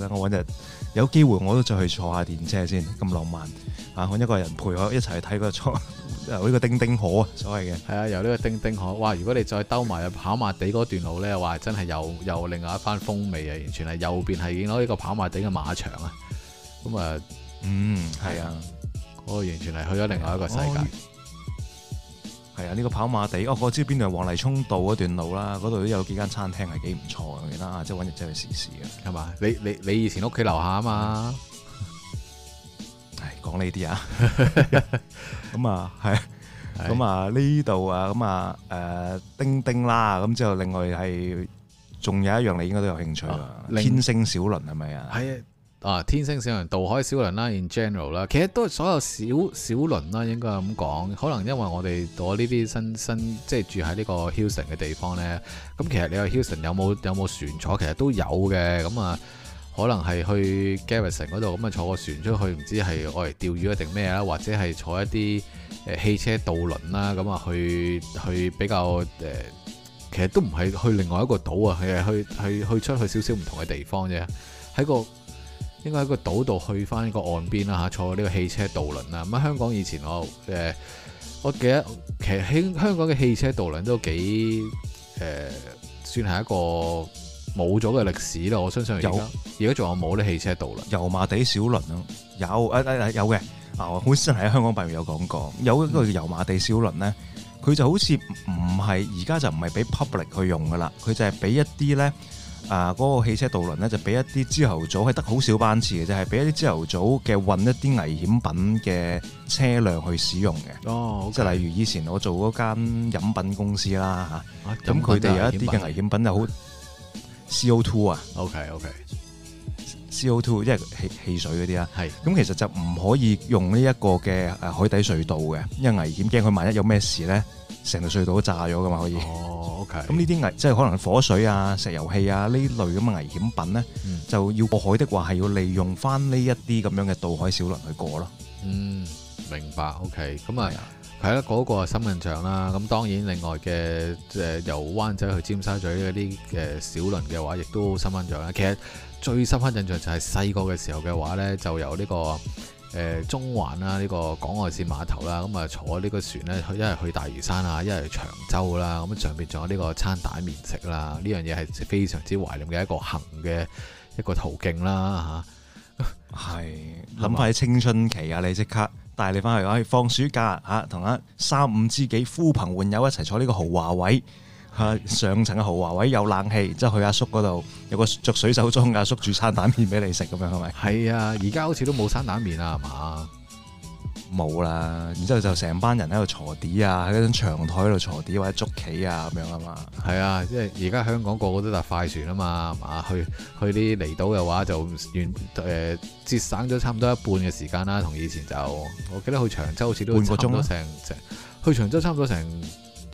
等我揾日有機會，我都再去坐下電車先，咁浪漫啊！揾一個人陪我一齊睇個坐由呢個叮叮河啊，所謂嘅係啊，由呢個叮叮河哇！如果你再兜埋去跑馬地嗰段路咧，話真係又又另外一番風味啊！完全係右邊係見到呢個跑馬地嘅馬場啊！咁、嗯、啊，嗯，係啊，我完全係去咗另外一個世界。係啊，呢個跑馬地，我、哦、我知邊度，黃泥涌道嗰段路啦，嗰度都有幾間餐廳係幾唔錯嘅啦，啊，即係搵日即係試試嘅，係嘛？你你你以前屋企樓下啊嘛，唉，講呢啲啊，咁啊係，咁啊呢度啊，咁啊誒，叮叮啦，咁之後另外係，仲有一樣你應該都有興趣、啊、天星小輪係咪啊？係啊。啊，天星小輪、渡海小輪啦，In general 啦，其實都係所有小小輪啦，啊，應該咁講。可能因為我哋我呢啲新新即係住喺呢個 Hilton 嘅地方呢。咁其實你話 Hilton 有冇有冇船坐，其實都有嘅？咁，嗯、啊，可能係去 Garrison 嗰度咁啊，坐個船出去，唔知係愛嚟釣魚啊定咩啦，或者係坐一啲誒，呃、汽車渡輪啦，咁，嗯、啊去去比較誒，呃，其實都唔係去另外一個島啊，係去去去出去少少唔同嘅地方啫，喺個。應該喺個島度去翻個岸邊，啦嚇，坐呢個汽車渡輪啊！咁啊，香港以前我我記得其實香港嘅汽車渡輪都幾、呃、算係一個冇咗嘅歷史啦。我相信而家有，而家仲有冇啲汽車渡輪？油麻地小輪咯，有誒有嘅。啊，啊我本身喺香港百餘有講過，有一個叫油麻地小輪咧，佢就好似唔係而家就唔係俾 public 去用噶啦，佢就係俾一啲咧。啊！嗰、那個汽車渡輪咧，就俾一啲朝頭早係得好少班次嘅，就係、是、俾一啲朝頭早嘅運一啲危險品嘅車輛去使用嘅。哦，即、okay、係例如以前我做嗰間飲品公司啦嚇，咁佢哋有一啲嘅危險品就好 C O two 啊。O K O K CO2 即係汽汽水嗰啲啊。係咁其實就唔可以用呢一個嘅誒海底隧道嘅，因為危險，驚佢萬一有咩事咧，成個隧道都炸咗噶嘛，可以。哦，OK。咁呢啲危即係、就是、可能火水啊、石油氣啊這類的品呢類咁嘅危險品咧，就要過海的話係要利用翻呢一啲咁樣嘅渡海小輪去過咯。嗯，明白。OK，咁啊係啦，嗰、啊那個係深印象啦。咁當然，另外嘅即誒由灣仔去尖沙咀嗰啲嘅小輪嘅話，亦都好深印象其實。最深刻印象就係細個嘅時候嘅話呢就由呢、呢個誒、呃、中環啦，呢、呢個港外線碼頭啦，咁啊坐呢個船咧，一係去大嶼山啊，一係長洲啦，咁上邊仲有呢個餐蛋麵食啦，呢樣嘢係非常之懷念嘅一個行嘅一個途徑啦嚇。係諗翻喺青春期啊，你即刻帶你翻去可以放暑假嚇，同啊三五知己、呼朋喚友一齊坐呢個豪華位。上層嘅豪華位有冷氣，之後去阿叔嗰度有個着水手裝阿叔，煮餐蛋麵俾你食，咁樣係咪？係啊，而家好似都冇餐蛋麵啊嘛，冇啦。然之後就成班人喺度坐地啊，喺嗰張長枱喺度坐地，或者捉棋啊咁樣啊嘛。係啊，即係而家香港個個都搭快船啊嘛，係嘛？去去啲離島嘅話就完誒，節省咗差唔多一半嘅時間啦。同以前就我記得去長洲好似都半個鐘，成成去長洲差唔多成。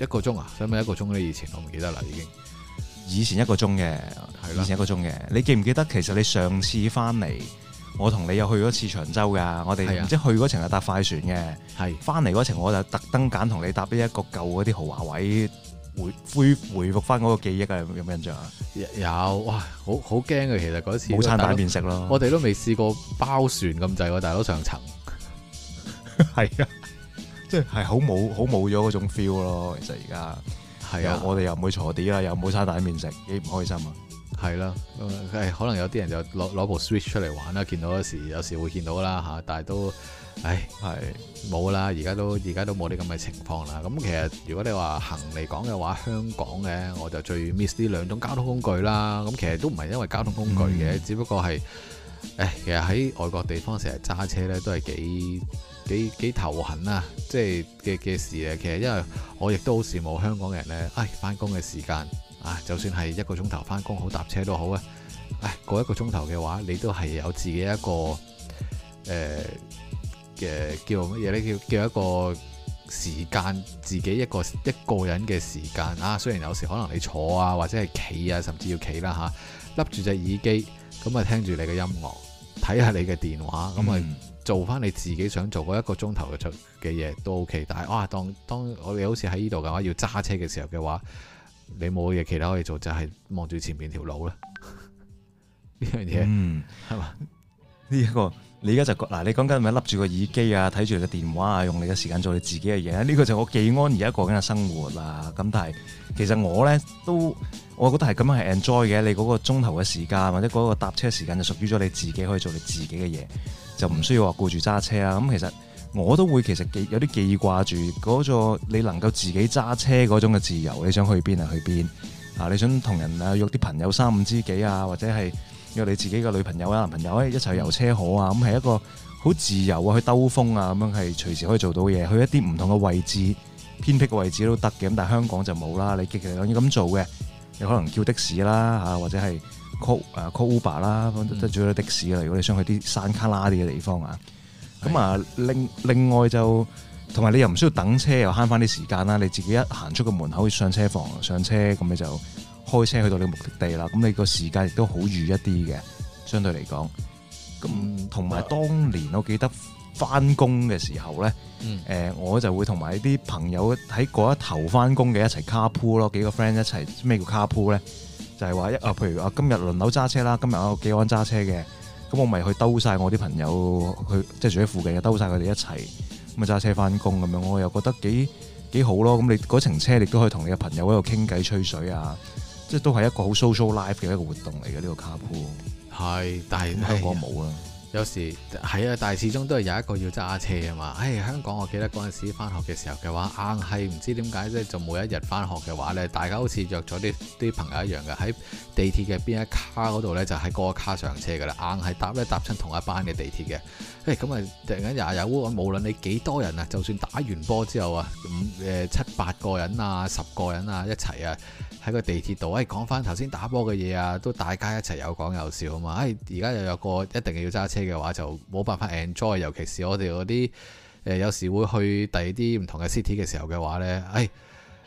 一個鐘啊？使唔使一個鐘咧？以前我唔記得啦，已經以前一個鐘嘅，係以前一個鐘嘅。你記唔記得？其實你上次翻嚟，我同你又去咗次長洲噶。我哋唔知去嗰程係搭快船嘅，係翻嚟嗰程我就特登揀同你搭呢一個舊嗰啲豪華位，回恢回復翻嗰個記憶啊！有冇印象啊？有哇，好好驚嘅。其實嗰次冇餐蛋麵食咯，我哋都未試過包船咁滯喎。大佬上層係啊。 [LAUGHS] 即係好冇好冇咗嗰種 feel 咯，其實而家係啊，我哋又唔會坐啲啦，又冇沙灘麵食，幾唔開心啊！係啦、啊，可能有啲人就攞攞部 Switch 出嚟玩啦，見到時有時會見到啦嚇、啊，但係都，唉，係冇啦，而家都而家都冇啲咁嘅情況啦。咁其實如果你話行嚟講嘅話，香港嘅我就最 miss 呢兩種交通工具啦。咁其實都唔係因為交通工具嘅、嗯，只不過係誒，其實喺外國地方成日揸車咧都係幾。幾幾頭痕啊！即係嘅嘅事啊！其實因為我亦都好羨慕香港人呢。唉，翻工嘅時間啊，就算係一個鐘頭翻工，好搭車都好啊！唉，過一個鐘頭嘅話，你都係有自己一個誒嘅、呃、叫乜嘢呢？叫叫一個時間，自己一個一個人嘅時間啊！雖然有時可能你坐啊，或者係企啊，甚至要企啦吓，笠住隻耳機咁啊，聽住你嘅音樂，睇下你嘅電話咁啊。嗯做翻你自己想做嗰一個鐘頭嘅出嘅嘢都 OK，但係哇、啊，當當我哋好似喺呢度嘅話，要揸車嘅時候嘅話，你冇嘢其他可以做，就係望住前面條路啦。呢樣嘢係嘛？呢、嗯、一、這個你而家就嗱，你講緊咪笠住個耳機啊，睇住個電話啊，用你嘅時間做你自己嘅嘢。呢、這個就是我技安而家過緊嘅生活啊。咁但係其實我咧都，我覺得係咁樣係 enjoy 嘅。你嗰個鐘頭嘅時間或者嗰個搭車時間就屬於咗你自己，可以做你自己嘅嘢。就唔需要話顧住揸車啊。咁其實我都會其實有啲記有啲記掛住嗰個你能夠自己揸車嗰種嘅自由，你想去邊啊去邊啊，你想同人啊約啲朋友三五知己啊，或者係約你自己嘅女朋友啊男朋友誒、啊、一齊遊車河啊。咁、嗯、係一個好自由啊，去兜風啊咁樣係隨時可以做到嘢，去一啲唔同嘅位置偏僻嘅位置都得嘅。咁但係香港就冇啦，你極其諗要咁做嘅，你可能叫的士啦嚇、啊，或者係。Call 啊，Call Uber 啦，都最多的士啦。如果你想去啲山卡拉啲嘅地方啊，咁啊，另另外就同埋你又唔需要等車，又慳翻啲時間啦。你自己一行出個門口上車房上車，咁你就開車去到你的目的地啦。咁你個時間亦都好預一啲嘅，相對嚟講。咁同埋當年我記得翻工嘅時候咧，誒、嗯呃，我就會同埋一啲朋友喺嗰一頭翻工嘅一齊 carpool 咯，幾個 friend 一齊，咩叫 carpool 咧？就係話一啊，譬如啊，今日輪流揸車啦，今日我有記安揸車嘅，咁我咪去兜晒我啲朋友，去即係住喺附近嘅，兜晒佢哋一齊咁樣揸車翻工咁樣，我又覺得幾幾好咯。咁你嗰程車你都可以同你嘅朋友喺度傾偈吹水啊，即係都係一個好 social life 嘅一個活動嚟嘅呢個 carpool。係，但係香港冇啊。有時係啊，但係始終都係有一個要揸車啊嘛。誒，香港我記得嗰陣時返學嘅時候嘅話，硬係唔知點解啫，就每一日返學嘅話咧，大家好似約咗啲啲朋友一樣嘅，喺地鐵嘅邊一卡嗰度咧，就喺嗰個卡上車噶啦，硬係搭咧搭親同一班嘅地鐵嘅。誒咁啊，那突然間又有，無論你幾多人啊，就算打完波之後啊，五誒、呃、七八個人啊，十個人啊一齊啊。喺個地鐵度，哎，講翻頭先打波嘅嘢啊，都大家一齊有講有笑啊嘛，哎，而家又有一個一定要揸車嘅話，就冇辦法 enjoy，尤其是我哋嗰啲誒，有時會去第二啲唔同嘅 city 嘅時候嘅話呢。哎，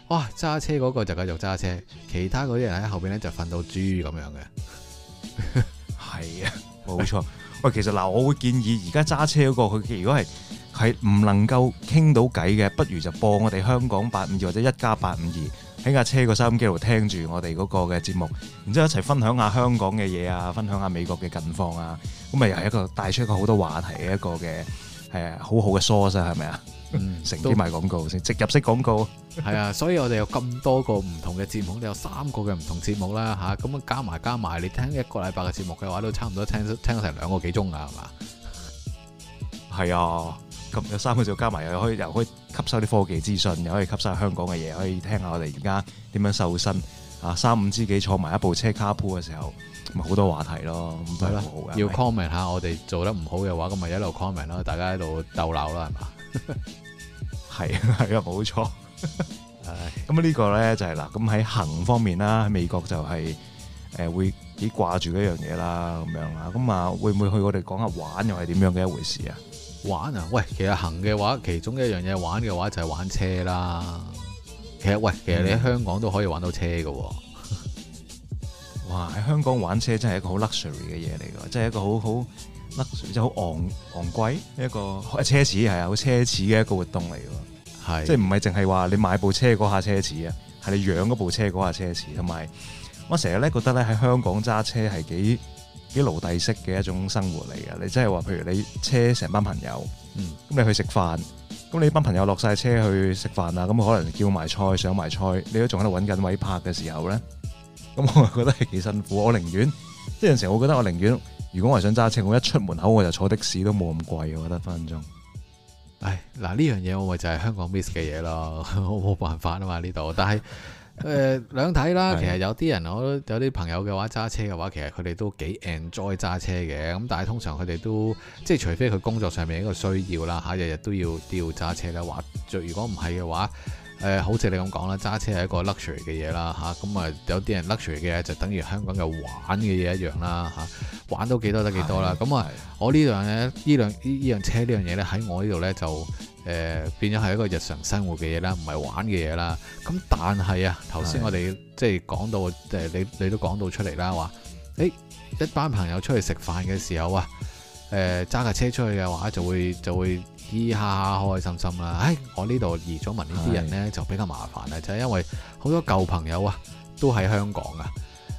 哇，揸車嗰個就繼續揸車，其他嗰啲人喺後邊呢，就瞓到豬咁樣嘅，係啊，冇錯。喂，其實嗱，我會建議而家揸車嗰個佢，如果係喺唔能夠傾到偈嘅，不如就播我哋香港八五二或者一加八五二。喺架車個收音機度聽住我哋嗰個嘅節目，然之後一齊分享下香港嘅嘢啊，分享下美國嘅近況啊，咁咪又係一個帶出一個好多話題嘅一個嘅誒好好嘅 source 係咪啊？嗯，成天賣廣告先，直入式廣告，係啊，所以我哋有咁多個唔同嘅節目，你有三個嘅唔同節目啦吓，咁啊加埋加埋，你聽一個禮拜嘅節目嘅話，都差唔多聽聽成兩個幾鐘噶係嘛？係啊。咁有三個就加埋，又可以又可以吸收啲科技資訊，又可以吸收香港嘅嘢，可以聽下我哋而家點樣瘦身啊！三五知己坐埋一部車卡鋪嘅時候，咪好多話題咯，咁都係好好嘅。要 comment 下我哋做得唔好嘅話，咁咪一路 comment 咯，大家喺度鬥鬧啦，係嘛？係係啊，冇錯。咁啊，呢個咧就係嗱，咁喺行方面啦，喺美國就係誒會幾掛住嗰樣嘢啦，咁樣啊，咁啊會唔會去我哋講下玩又係點樣嘅一回事啊？玩啊！喂，其實行嘅話，其中一樣嘢玩嘅話就係玩車啦。其實喂，其實你喺香港都可以玩到車嘅，哦嗯。哇！喺香港玩車真係一個好 luxury 嘅嘢嚟㗎，真係一個好好 luxury 即係好昂昂貴一個奢侈，係啊，好奢侈嘅一個活動嚟㗎。係即係唔係淨係話你買部車嗰下奢侈啊？係你養嗰部車嗰下奢侈。同埋我成日咧覺得咧喺香港揸車係幾～幾奴隸式嘅一種生活嚟噶，你真係話，譬如你車成班朋友，咁、嗯、你去食飯，咁你班朋友落晒車去食飯啊，咁可能叫埋菜上埋菜，你都仲喺度揾緊位泊嘅時候咧，咁我就覺得係幾辛苦。我寧願即係有陣時，我覺得我寧願，如果我係想揸車，我一出門口我就坐的士都冇咁貴，我覺得分鐘。唉，嗱呢樣嘢我咪就係香港 miss 嘅嘢咯，我冇辦法啊嘛呢度，但係。 [LAUGHS] 誒 [LAUGHS] 兩睇啦，其實有啲人我有啲朋友嘅話揸車嘅話，其實佢哋都幾 enjoy 揸車嘅，咁但係通常佢哋都即係除非佢工作上面一個需要啦嚇，日日都要都要揸車嘅話，如果唔係嘅話，誒好似你咁講啦，揸車係一個 luxury 嘅嘢啦嚇，咁啊有啲人 luxury 嘅就等於香港嘅玩嘅嘢一樣啦嚇，玩到幾多得幾多啦，咁啊我呢樣呢呢樣呢呢樣車呢樣嘢咧喺我呢度咧就。誒、呃、變咗係一個日常生活嘅嘢、啊呃、啦，唔係玩嘅嘢啦。咁但係啊，頭先我哋即係講到誒，你你都講到出嚟啦，話誒一班朋友出去食飯嘅時候啊，誒揸架車出去嘅話就會就會嘻下哈哈開開心心啦。誒、欸、我呢度移咗民呢啲人呢，就比較麻煩啊，就係、是、因為好多舊朋友啊都喺香港啊。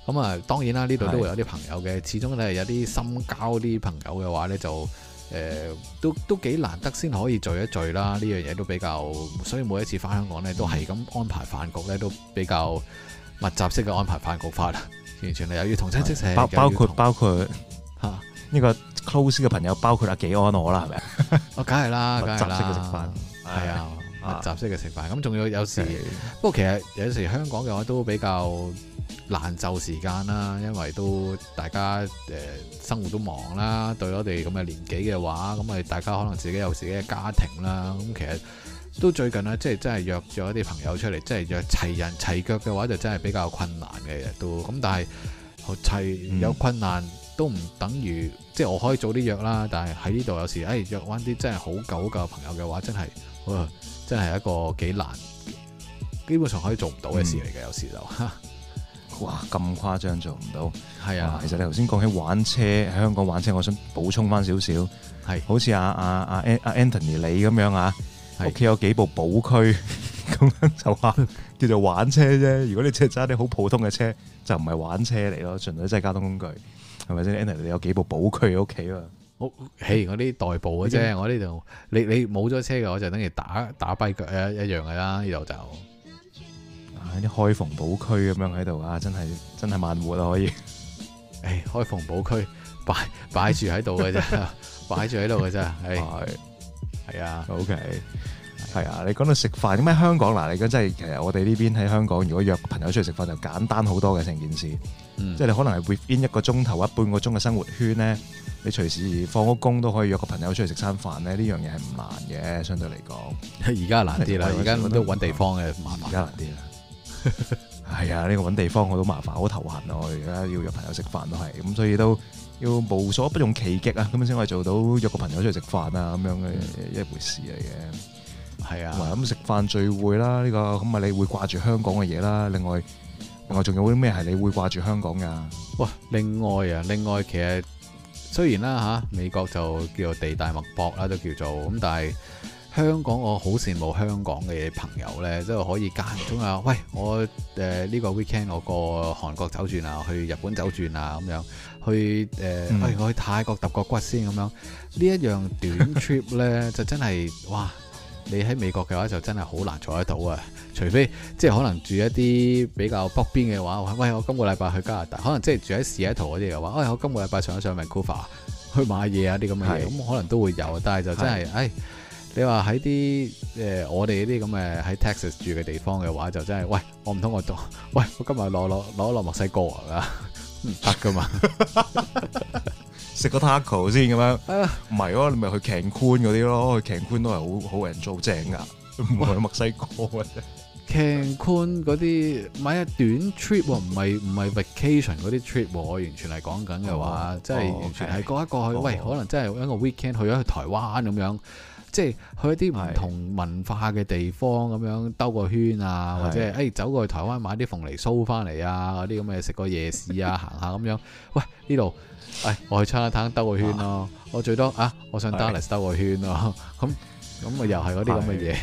咁啊當然啦，呢度都會有啲朋友嘅，的始終你係有啲深交啲朋友嘅話呢，就。誒、呃、都都幾難得先可以聚一聚啦，呢樣嘢都比較，所以每一次翻香港咧都係咁安排飯局咧都比較密集式嘅安排飯局法啦，完全係又要同親戚食，包包括包括嚇呢個 close 嘅朋友，包括阿幾、 [LAUGHS] 啊這個、安我啦，係咪？哦，梗係啦，密集式嘅食飯，係、哎、啊。雜式嘅食飯，咁仲有有時，okay. 不過其實有時香港嘅話都比較難就時間啦，因為都大家誒、呃、生活都忙啦，對我哋咁嘅年紀嘅話，咁咪大家可能自己有自己嘅家庭啦，咁其實都最近咧，即係真係約咗一啲朋友出嚟，即係約齊人齊腳嘅話，就真係比較困難嘅都。咁但係齊有困難都唔等於、mm. 即係我可以早啲約啦，但係喺呢度有時誒、哎、約翻啲真係好舊好舊嘅朋友嘅話，真係哇～真係一個幾難，基本上可以做唔到嘅事嚟嘅，嗯，有時就哇咁誇張做唔到。係啊，其實你頭先講起玩車，喺香港玩車，我想補充翻少少。係，好似阿阿阿 Anthony 你咁樣啊，屋企有幾部保區咁 [LAUGHS] 樣就話叫做玩車啫。如果你只揸啲好普通嘅車，就唔係玩車嚟咯，純粹真係交通工具係咪先？Anthony，你有幾部保區喺屋企啊？我嘿，我啲代步嘅啫、嗯，我呢度你你冇咗車嘅，我就等於打打跛腳一樣嘅啦，呢度就，啊啲開篷寶區咁樣喺度啊，真係真係慢活啊可以，誒、哎、開篷寶區擺住喺度嘅啫，擺住喺度嘅啫，係係、 [LAUGHS] [LAUGHS] 哎、啊，OK 係啊，你講到食飯咁喺香港嗱，你講真係其實我哋呢邊喺香港，如果約朋友出去食飯就簡單好多嘅成件事。嗯、即係你可能係 within 一個鐘頭或半個鐘嘅生活圈咧，你隨時放咗工都可以約個朋友出去食餐飯咧，呢樣嘢係唔難嘅，相對嚟講。而家難啲啦，而家我都揾地方嘅麻、， [LAUGHS] [LAUGHS] 啊這個、麻煩，而家難啲啦。係啊，呢個揾地方我都麻煩，好頭痕啊！我而家要約朋友食飯都係，咁所以都要無所不用其極啊，咁先可以做到約個朋友出去食飯啊，咁樣嘅、嗯、一回事嚟嘅。係啊，咁食飯聚會啦，呢、呢個咁啊，你會掛住香港嘅嘢啦，另外。另外仲有啲咩係你會掛住香港㗎？哇！另外啊，另外其實雖然啦、啊、嚇，美國就叫做地大物博啦，都叫做咁，但係香港我好羨慕香港嘅朋友咧，即係可以間中啊！喂，我呢、呃呢個 weekend 我過韓國走轉啊，去日本走轉啊咁樣，去誒，呃嗯、喂我去泰國揼個骨先咁樣，呢一樣短 trip 咧 [LAUGHS] 就真係哇！你喺美國嘅話就真係好難做得到啊！除非即係可能住一啲比較北邊嘅話，喂我今個禮拜去加拿大，可能即係住喺士啊土啲嘅話，喂、哎、我今個禮拜上一上 a c 溫哥華去買嘢啊啲咁嘅嘢，咁、嗯、可能都會有，但係就真係，誒、哎、你話喺啲誒我哋呢啲咁嘅喺 Texas 住嘅地方嘅話，就真係，喂我唔通我做，喂我今日攞攞攞落墨西哥啊，唔得噶嘛！ [LAUGHS] 食個 taco 先咁樣，唔係咯，你咪去 Cancun 嗰啲咯，去 Cancun 都係好好人做正㗎，唔係墨西哥嘅啫。Cancun 嗰啲買啊短 trip 唔係唔係 vacation 嗰啲 trip，我完全係講緊嘅話，即係完全係過一過去，喂，可能真係一個 weekend 去咗去台灣咁樣，即係去一啲唔同文化嘅地方咁樣兜個圈啊，或者誒走過去台灣買啲鳳梨酥返嚟啊，嗰啲咁嘅食個夜市啊，行下咁樣，喂呢度。誒，我去餐廳兜個圈咯，我最多啊，我上 Dallas 兜個圈咯，咁咁咪又係嗰啲咁嘅嘢，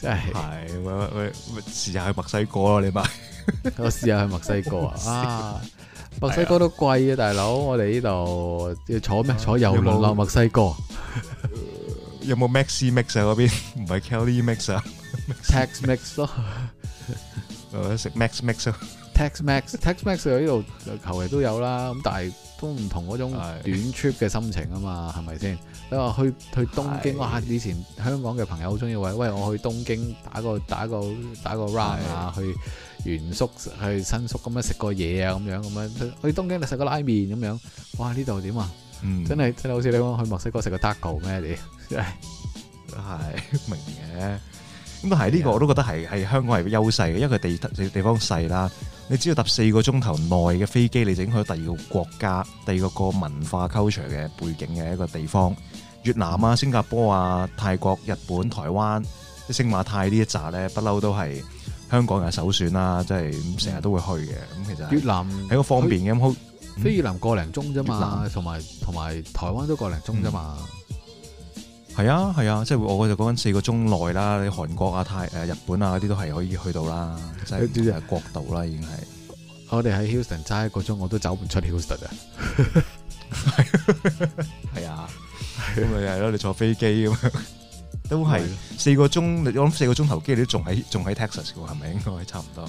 真係，我我我試下去墨西哥咯，你咪，我試下去墨西哥啊，啊，墨西哥都貴啊，大佬，我哋呢度要坐咩？坐郵輪咯，墨西哥，有冇 Max Max 啊嗰邊？唔係 Kelly Max 啊，Tex Mex 咯，唔係食 Max Max。Tax Max，Tax Max 喺呢度，求其都有啦。咁但係都唔同嗰種短 trip 嘅心情啊嘛，係咪先？你話去去東京，哇！以前香港嘅朋友好中意話，喂，我去東京打個打個打個 ride 啊，去原宿去新宿咁樣食個嘢啊，咁樣咁樣去東京食個拉麪咁樣。哇！呢度點啊？嗯，真係真係好似你講去墨西哥食個 taco 咩？屌真係係明嘅。咁但係呢個我都覺得係係香港係個優勢嘅，因為佢地地方細啦。你只要搭四個鐘頭內嘅飛機，你已經去第二個國家、第二個個文化 culture 嘅背景嘅一個地方。越南啊、新加坡啊、泰國、日本、台灣，即星馬泰呢一紮呢，不嬲都係香港人首選啦，即係成日都會去嘅。咁其實越南係個方便嘅，咁好。飛、嗯、越南個零鐘啫嘛，同埋同埋台灣都個零鐘啫嘛。嗯係啊，係啊，即係我哋就講緊四個鐘內啦，你韓國啊、泰誒、日本啊嗰啲都係可以去到啦，即係國度啦，已經係。 [LAUGHS] 我哋喺 Houston 揸一個鐘，我都走唔出 Houston 啊！係 [LAUGHS] 是啊，咁咪係咯，你坐飛機咁樣都係四個鐘，我諗四個鐘頭機都仲喺仲喺 Texas 噶，係咪應該差唔多？誒、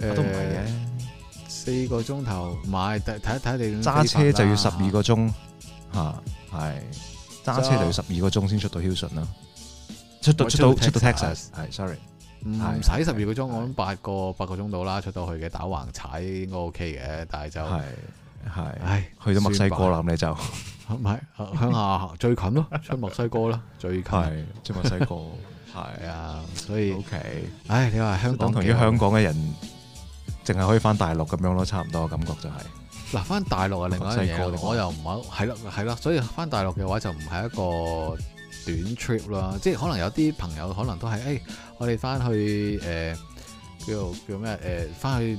呃，都唔係嘅，四個鐘頭唔睇睇睇你揸車就要十二個鐘吓，係、 [LAUGHS] 啊。是揸車就要十二個鐘先出到 Houston 啦，出到出到出到 Texas 係，sorry，唔使十二個鐘，我諗八個八個鐘到啦，出到 Texas，sorry、嗯、出到去嘅打橫踩應該 OK 嘅，但係就係係，唉，去咗墨西哥啦，咁你就唔係，啊， [LAUGHS] 鄉下最近咯，出墨西哥啦， [LAUGHS] 最近出墨西哥，係 [LAUGHS] 啊，所以 OK，唉、哎，你話香港同啲香港嘅人，淨係可以翻大陸咁樣咯，差唔多感覺就係、是。嗱，翻大陸係另外一樣嘢，我又唔係，係咯係咯，所以翻大陸嘅話就唔係一個短 trip 啦，即係可能有啲朋友可能都係，誒、哎，我哋翻去誒、呃、叫叫咩誒，翻、呃、去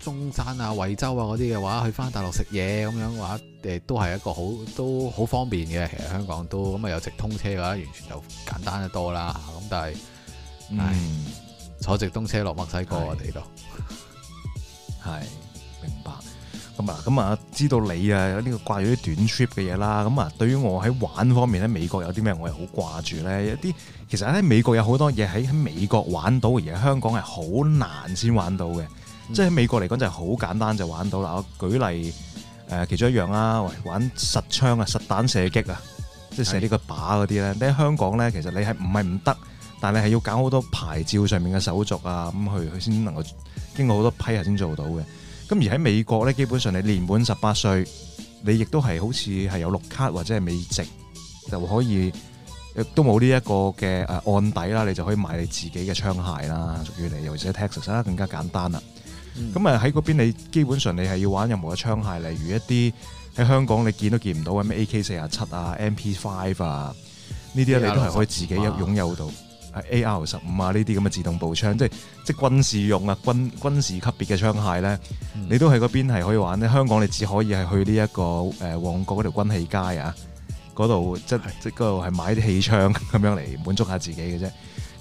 中山啊、惠州啊嗰啲嘅話，去翻大陸食嘢咁樣嘅話，誒、呃、都係一個好都好方便嘅，其實香港都咁啊、嗯、有直通車嘅話，完全就簡單得多啦，咁但係、嗯、坐直通車落墨西哥我哋咯，係明白。咁、嗯、啊，咁、嗯、啊，知道你啊有呢個掛住啲短 trip 嘅嘢啦。咁、嗯、啊，對於我喺玩方面咧，美國有啲咩我係好掛住咧。有啲其實喺美國有好多嘢喺喺美國玩到，而喺香港係好難先玩到嘅、嗯。即係喺美國嚟講就係好簡單就玩到啦。我舉例、呃、其中一樣啦，玩實槍啊、實彈射擊啊，即係射呢個靶嗰啲咧。你喺香港咧，其實你係唔係唔得，但係你係要搞好多牌照上面嘅手續啊，咁去佢先能夠經過好多批核先做到嘅。咁而喺美國咧，基本上你年滿十八歲，你亦都係好似係有綠卡或者係美籍，就可以亦都冇呢一個嘅案底啦，你就可以買你自己嘅槍械啦，屬於你，又或者 Texas 啦，更加簡單啦。咁啊喺嗰邊你基本上你係要玩任何嘅槍械，例如一啲喺香港你見都見唔到嘅咩 AK 四7七四七啊、MP five 啊，呢啲你都係可以自己擁擁有到。A.R. 十五啊，呢啲咁嘅自動步槍，即係即係軍事用啊，軍軍事級別嘅槍械咧、嗯，你都喺嗰邊係可以玩呢。香港你只可以係去呢、這、一個誒、呃、旺角嗰條軍器街啊，嗰、嗯、度即係即度係買啲氣槍咁樣嚟滿足下自己嘅啫。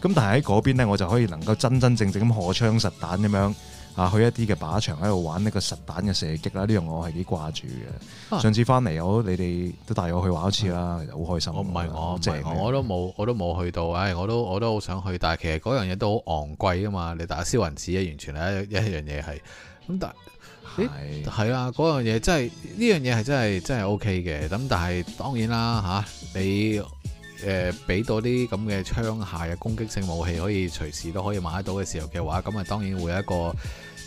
咁但係喺嗰邊咧，我就可以能夠真真正正咁荷槍實彈咁樣。啊，去一啲嘅靶場喺度玩呢個實彈嘅射擊啦，呢樣我係幾掛住嘅。上次翻嚟，我你哋都帶我去玩一次啦，好、啊、開心。我唔係，我唔係，我都冇，我都冇去到。唉，我都我都好想去，但係其實嗰樣嘢都好昂貴㗎嘛。你打消雲子啊，完全係一一樣嘢係。咁但係係係啦，嗰、欸啊、樣嘢真係呢樣嘢係真係真係 OK 嘅。咁但係當然啦，吓、啊，你。誒俾到啲咁嘅槍械嘅攻擊性武器可以隨時都可以買得到嘅時候嘅話，咁啊當然會有一個誒、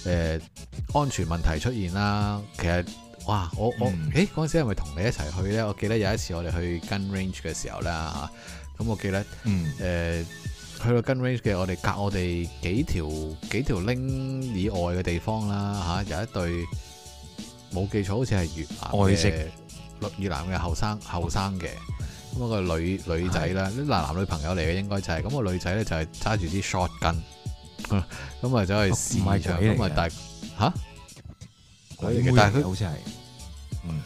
呃、安全問題出現啦。其實，哇，我我誒嗰陣時係咪同你一齊去咧？我記得有一次我哋去 gun range 嘅時候啦，咁、啊、我記得誒、嗯呃、去到 gun range 嘅，我哋隔我哋幾條幾條 link 以外嘅地方啦、吓、啊、有一對冇記錯，好似係越南嘅綠越南嘅後生後生嘅。咁、那個女女仔啦，啲男男女朋友嚟嘅應該就係、是、咁、那個女仔咧、嗯，就係揸住支 shotgun 咁啊走去試場，咁啊但吓，鬼但係好似係，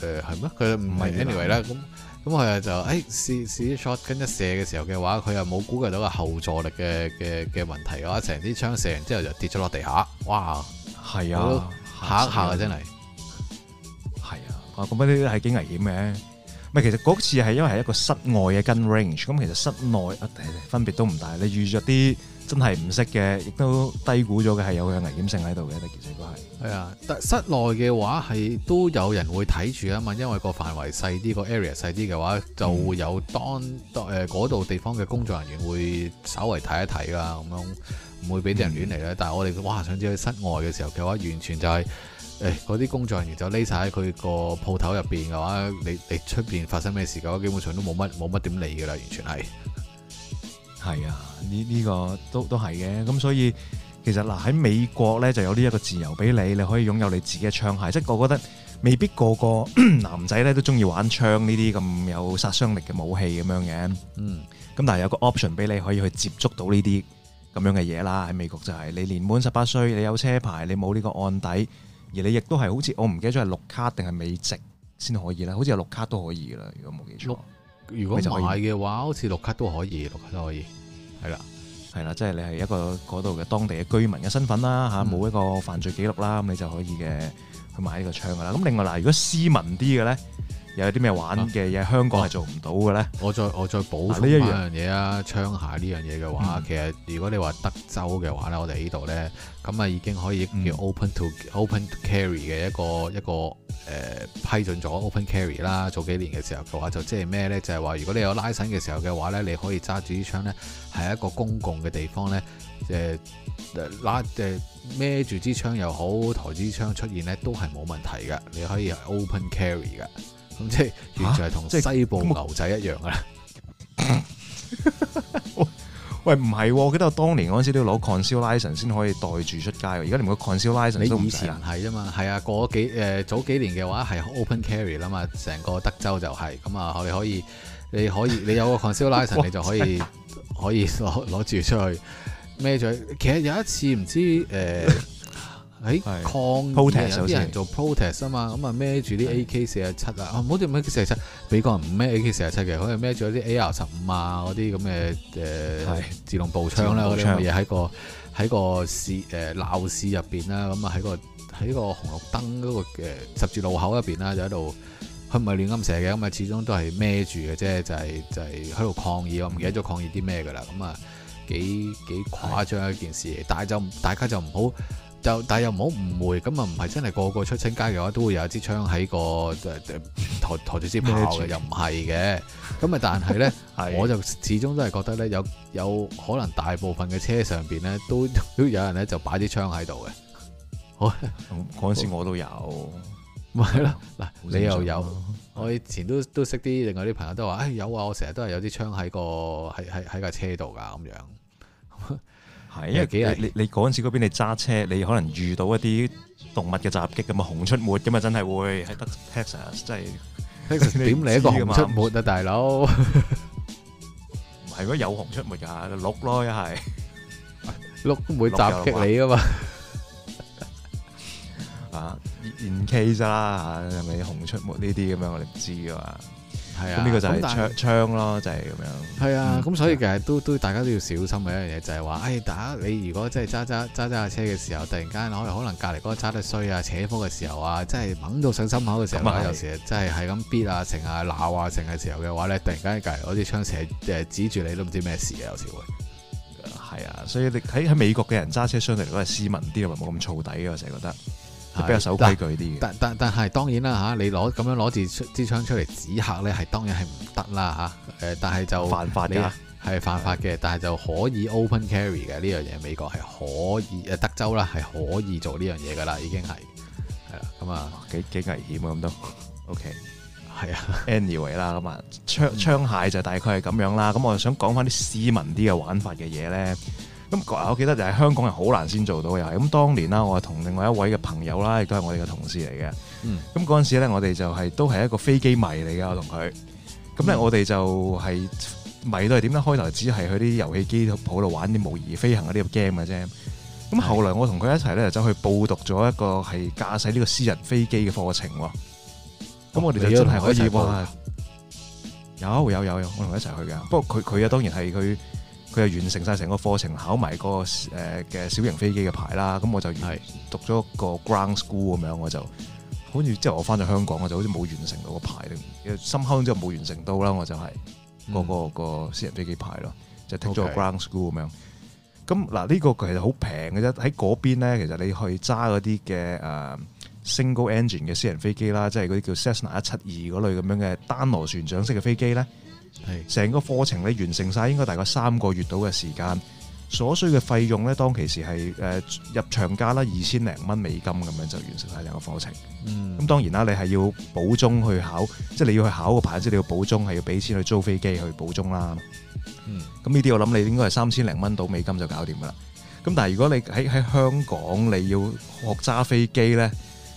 誒係咩？佢唔係 anyway 啦，咁咁我啊就誒試試啲 shotgun 一射嘅時候嘅話，佢又冇估計到個後座力嘅嘅嘅問題，哇！成支槍射完之後就跌咗落地下，哇！係啊，吓一下啊，真係，係啊，啊咁呢啲係幾危險嘅。咪，其實嗰次係因為係一個室外嘅 gun range，咁其實室內啊，分別都唔大。你遇著啲真係唔識嘅，亦都低估咗嘅係有嘅危險性喺度嘅。其實都係。係啊，但室內嘅話係都有人會睇住啊嘛，因為個範圍細啲，個 area 細啲嘅話，就會有當誒嗰度地方嘅工作人員會稍微睇一睇啦，咁樣唔會俾啲人亂嚟咧。但係我哋哇，想知道喺室外嘅時候嘅話，完全就係。誒，嗰啲工作人員就匿晒喺佢個鋪頭入邊嘅話，你你出邊發生咩事嘅話，基本上都冇乜冇乜點理㗎喇，完全係係啊，呢呢個都都係嘅。咁所以其實嗱喺美國咧就有呢一個自由俾你，你可以擁有你自己嘅槍械。即係我覺得未必個個男仔咧都中意玩槍呢啲咁有殺傷力嘅武器咁樣嘅。嗯，咁但係有個 option 俾你可以去接觸到呢啲咁樣嘅嘢啦。喺美國就係你年滿十八歲，你有車牌，你冇呢個案底。而你亦都係好似我唔記得咗係綠卡定係美籍先可以咧，好似係綠卡都可以啦。如果冇記錯，如果你買嘅話，好似綠卡都可以，綠卡都可以。係啦，係啦，即係你係一個嗰度嘅當地嘅居民嘅身份啦，嚇冇一個犯罪記錄啦，咁你就可以嘅去買呢個槍噶啦。咁另外嗱，如果斯文啲嘅咧。又有啲咩玩嘅嘢？香港係做唔到嘅咧。我再我再補呢一樣嘢啊！槍械呢樣嘢嘅話、嗯，其實如果你話德州嘅話咧，我哋呢度咧，咁啊已經可以叫 open to、嗯、open to carry 嘅一個一個誒、呃、批准咗 open carry 啦。早幾年嘅時候嘅話就即係咩咧？就係話、就是、如果你有拉繩嘅時候嘅話咧，你可以揸住支槍咧，係一個公共嘅地方咧，誒、呃、拉誒孭住支槍又好，抬支槍出現咧，都係冇問題嘅，你可以 open carry 嘅。即係完全係同即係西部牛仔一樣噶啦、啊。是 [LAUGHS] 喂，唔係、哦，我記得我當年嗰陣時都要攞 conceal license 先可以袋住出街。而家連個 conceal license 都不你以前係啫嘛。係啊，過咗幾、呃、早幾年嘅話係 open carry 啦嘛，成個德州就係、是。咁、嗯、啊，你可以你可以你有個 conceal license， [LAUGHS] 你就可以可以攞攞住出去孭住。其實有一次唔知誒。呃 [LAUGHS] 喺、欸、抗議有啲人做 protest 啊嘛，咁啊孭住啲 AK 四十七啊，啊唔好啲咩四十七，美國人唔孭 AK 四十七嘅，可能孭住啲 AR 十五啊嗰啲咁嘅誒自動步槍啦嗰啲咁嘅嘢喺個喺個市誒、呃、鬧市入邊啦，咁啊喺個喺個紅綠燈嗰個十字路口入邊啦，就喺度佢唔係亂咁射嘅，咁啊始終都係孭住嘅啫，就係、是、就係喺度抗議，我唔記得咗抗議啲咩噶啦，咁啊幾幾誇張一件事，但係就大家就唔好。就但係又唔好誤會，咁啊唔係真係個個出親街嘅話，都會有一支槍喺個誒抬抬住支炮嘅，又唔係嘅。咁啊，但係咧， [LAUGHS] 我就始終都係覺得咧，有有可能大部分嘅車上邊咧，都都有人咧就擺啲槍喺度嘅。好嗰陣時我都有，咪係咯？嗱、嗯，你又有，嗯、我以前都 [LAUGHS] 都識啲另外啲朋友都話、哎：，有啊！我成日都係有啲槍喺個喺喺喺架車度噶咁樣。係，因為你你你嗰陣時嗰邊你揸車，你可能遇到一啲動物嘅襲擊咁啊，熊出沒咁啊，真係會喺得 Texas，真係點你一個熊出沒啊，大佬！唔係乜有熊出沒噶，鹿咯一係，鹿會襲擊你啊嘛啊，in case 啦嚇，係咪熊出沒呢啲咁樣我哋唔知啊嘛～係啊，呢個就係槍槍咯，就係、是、咁樣。係啊，咁、嗯、所以其實都都大家都要小心嘅一樣嘢，就係、是、話，誒、哎，大家你如果真係揸揸揸揸下車嘅時候，突然間可可能隔離嗰揸得衰啊，斜坡嘅時候啊，真係掹到上心口嘅時候，嗯啊、有時真係係咁 bit 啊，成啊鬧啊成嘅時候嘅話咧，你突然間隔離嗰支槍射誒指住你都唔知咩事嘅，有時會。係啊，所以你喺喺美國嘅人揸車相對嚟講係斯文啲，同埋冇咁燥底嘅，我成日覺得。比較守規矩啲嘅，但但但係當然啦吓，你攞咁樣攞住支槍出嚟指吓咧，係當然係唔得啦吓。誒，但係就犯法啲啊，係犯法嘅，但係就可以 open carry 嘅呢樣嘢，美國係可以誒，德州啦係可以做呢樣嘢噶啦，已經係係啦，咁啊幾幾危險啊咁都。OK，係啊，Anyway 啦，咁啊，槍槍械就大概係咁樣啦。咁我就想講翻啲斯文啲嘅玩法嘅嘢咧。咁我記得就係香港人好難先做到嘅，咁當年啦，我同另外一位嘅朋友啦，亦都係我哋嘅同事嚟嘅。咁嗰陣時咧，我哋就係都係一個飛機迷嚟嘅，我同佢。咁咧，我哋就係迷到係點咧？開頭只係去啲遊戲機鋪度玩啲模擬飛行嘅呢個 game 嘅啫。咁後嚟我同佢一齊咧，走去報讀咗一個係駕駛呢個私人飛機嘅課程喎。咁我哋就真係可以喎。有有有有，我同佢一齊去嘅。不過佢佢啊，佢佢當然係佢。佢佢就完成晒成個課程，考埋個誒嘅小型飛機嘅牌啦。咁我就讀咗個 ground school 咁樣，我就好似即係我返咗香港，我就好似冇完成到個牌，深秋之後冇完成到啦。我就係嗰個個私人飛機牌咯、嗯，就聽咗個 ground school 咁、okay、樣。咁嗱，呢個其實好平嘅啫，喺嗰邊咧，其實你去揸嗰啲嘅誒 single engine 嘅私人飛機啦，即係嗰啲叫 Cessna 一七二嗰類咁樣嘅單螺旋槳式嘅飛機咧。係成個課程咧完成晒，應該大概三個月到嘅時間，所需嘅費用咧當其時係誒、呃、入場價啦，二千零蚊美金咁樣就完成晒成個課程。咁、嗯嗯、當然啦，你係要補鐘，去考，即係你要去考個牌，即你要補鐘，係要俾錢去租飛機去補鐘啦。咁呢啲我諗你應該係三千零蚊到美金就搞掂噶啦。咁但係如果你喺喺香港你要學揸飛機咧，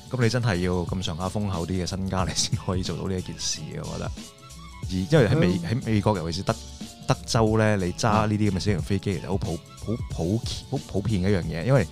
咁你真係要咁上下豐厚啲嘅身家你先可以做到呢一件事嘅，我覺得。而因為喺美喺美國尤其是德德州咧，你揸呢啲咁嘅小型飛機其實、啊、好普好普及好普遍嘅一樣嘢。因為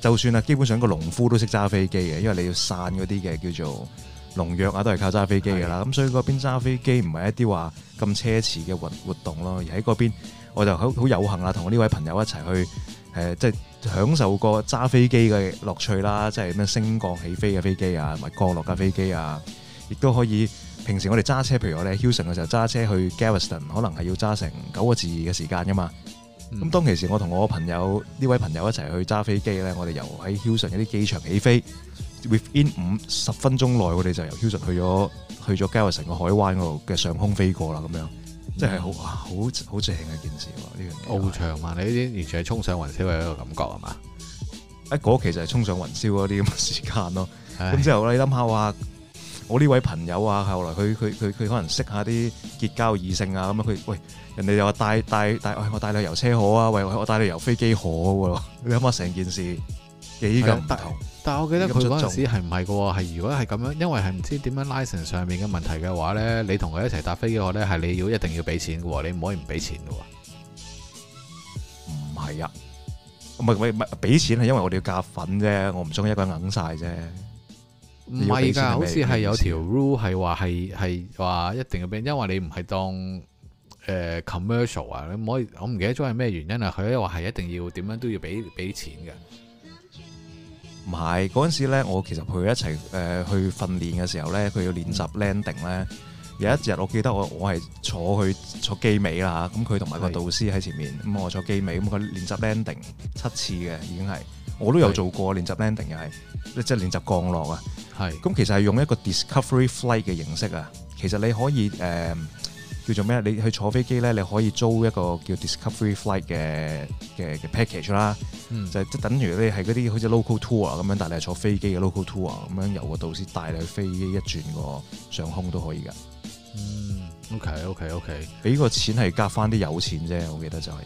就算啊，基本上個農夫都識揸飛機嘅，因為你要散嗰啲嘅叫做農藥啊，都係靠揸飛機噶啦。咁所以嗰邊揸飛機唔係一啲話咁奢侈嘅活活動咯。而喺嗰邊，我就好好有幸啦，同呢位朋友一齊去誒，即、呃、係、就是、享受過揸飛機嘅樂趣啦。即係咩升降起飛嘅飛機啊，同埋降落架飛機啊，亦都可以。平時我哋揸車，譬如我哋喺 Houston 嘅時候揸車去 Galveston，可能係要揸成九個字嘅時間噶嘛。咁、嗯、當其時我同我朋友呢位朋友一齊去揸飛機咧，我哋由喺 Houston 一啲機場起飛，within 五十分鐘內我哋就由 Houston 去咗去咗 Galveston 個海灣嗰度嘅上空飛過啦，咁樣，嗯、即係好好好正嘅一件事。呢樣嘢，翱翔嘛，你呢啲完全係衝上雲霄嘅一個感覺係嘛？嗰期就實係衝上雲霄嗰啲咁嘅時間咯。咁之後你諗下話。我呢位朋友啊，後來佢佢佢佢可能識下啲結交異性啊，咁啊佢喂人哋又話帶帶帶，我帶你遊車河啊，喂我帶你遊飛機河喎、啊，你諗下成件事幾咁大？但係我記得佢嗰陣時係唔係嘅喎？係如果係咁樣，因為係唔知點樣 license 上面嘅問題嘅話咧，你同佢一齊搭飛嘅話咧，係你要一定要俾錢嘅喎，你唔可以唔俾錢嘅喎。唔係啊，唔係唔俾錢係因為我哋要夾份啫，我唔鍾意一個人揞曬啫。唔係噶，好似係有條 rule 係話係係話一定要俾，因為你唔係當誒、呃、commercial 啊，你唔可以，我唔記得咗係咩原因啊？佢咧話係一定要點樣都要俾俾錢嘅。唔係嗰陣時咧，我其實陪佢一齊誒、呃、去訓練嘅時候咧，佢要練習 landing 咧、嗯。有一日我記得我我係坐去坐機尾啦，咁佢同埋個導師喺前面，咁、嗯、我坐機尾，咁佢練習 landing 七次嘅已經係。我都有做過練習 landing 又係，即係練習降落啊。係咁，其實係用一個 discovery flight 嘅形式啊。其實你可以誒、呃、叫做咩？你去坐飛機咧，你可以租一個叫 discovery flight 嘅嘅 package 啦、嗯。就即、係、等於你係嗰啲好似 local tour 咁樣，但係你係坐飛機嘅 local tour 咁樣，由個導師帶你去飛機一轉個上空都可以㗎。嗯，OK OK OK，俾個錢係夾翻啲有錢啫，我記得就係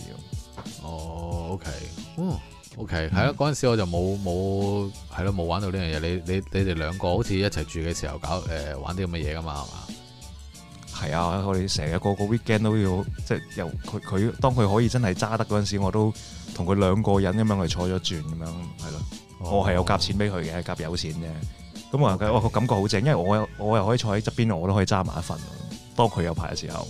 要。哦，OK，嗯。O K，係啊，嗰陣時我就冇冇係咯，冇玩到呢樣嘢。你你你哋兩個好似一齊住嘅時候搞誒、呃、玩啲咁嘅嘢噶嘛？係嘛？係啊，我哋成日個個 weekend 都要即係由佢佢當佢可以真係揸得嗰陣時，我都同佢兩個人咁樣去坐咗轉咁樣，係咯、啊哦。我係有夾錢俾佢嘅，夾有錢嘅。咁啊，我、哦哦，嗰個感覺好正，因為我我又可以坐喺側邊，我都可以揸埋一份。當佢有牌嘅時候，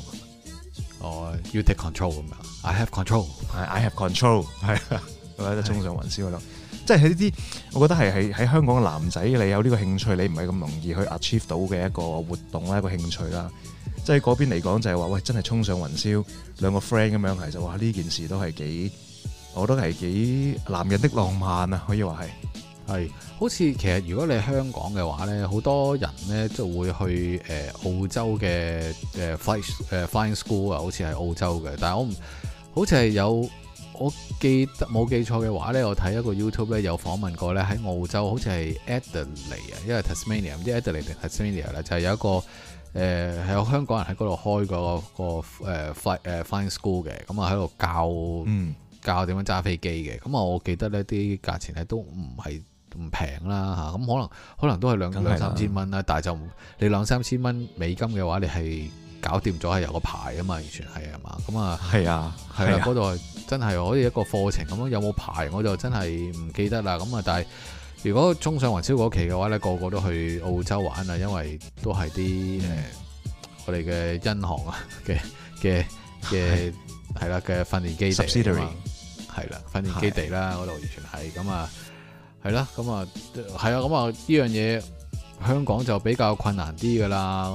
哦，You take control，I have control，I have control，係。 [LAUGHS] 我覺得衝上雲霄咯，即係喺呢啲，我覺得係係喺香港嘅男仔，你有呢個興趣，你唔係咁容易去 achieve 到嘅一個活動啦，一個興趣啦。即係嗰邊嚟講就係話，喂，真係衝上雲霄兩個 friend 咁樣，其實話，呢件事都係幾，我都係幾男人的浪漫啊，可以話係。係，好似其實如果你喺香港嘅話咧，好多人咧就會去誒澳洲嘅誒 fine 誒 flying school 啊，好似係澳洲嘅，但係我唔，好似係有。我記得冇記錯嘅話咧，我睇一個 YouTube 咧有訪問過咧，喺澳洲，好似係 Adelaide 啊，因為 Tasmania 唔知 Adelaide 定 Tasmania 咧，就係有一個誒係、呃、有香港人喺嗰度開個 Flying School 嘅，咁啊喺度教教點樣揸飛機嘅，咁、嗯、啊我記得呢啲價錢咧都唔係唔平啦，嚇咁可能可能都係兩兩三千蚊啦，但係就你兩三千蚊美金嘅話，你係。搞掂咗係有個牌啊嘛，完全係係嘛，咁啊係啊，係啦、啊，嗰度、啊、真係好似一個課程咁咯。有冇牌我就真係唔記得啦。咁啊，但係如果衝上雲超霄嗰期嘅話咧，個個都去澳洲玩啊，因為都係啲誒我哋嘅因航啊嘅嘅嘅係啦嘅訓練基地係係啊，啦訓練基地啦，嗰度完全係咁啊，係、嗯、啦，咁啊係啊，咁、嗯、啊呢、嗯啊、樣嘢。香港就比較困難啲噶啦，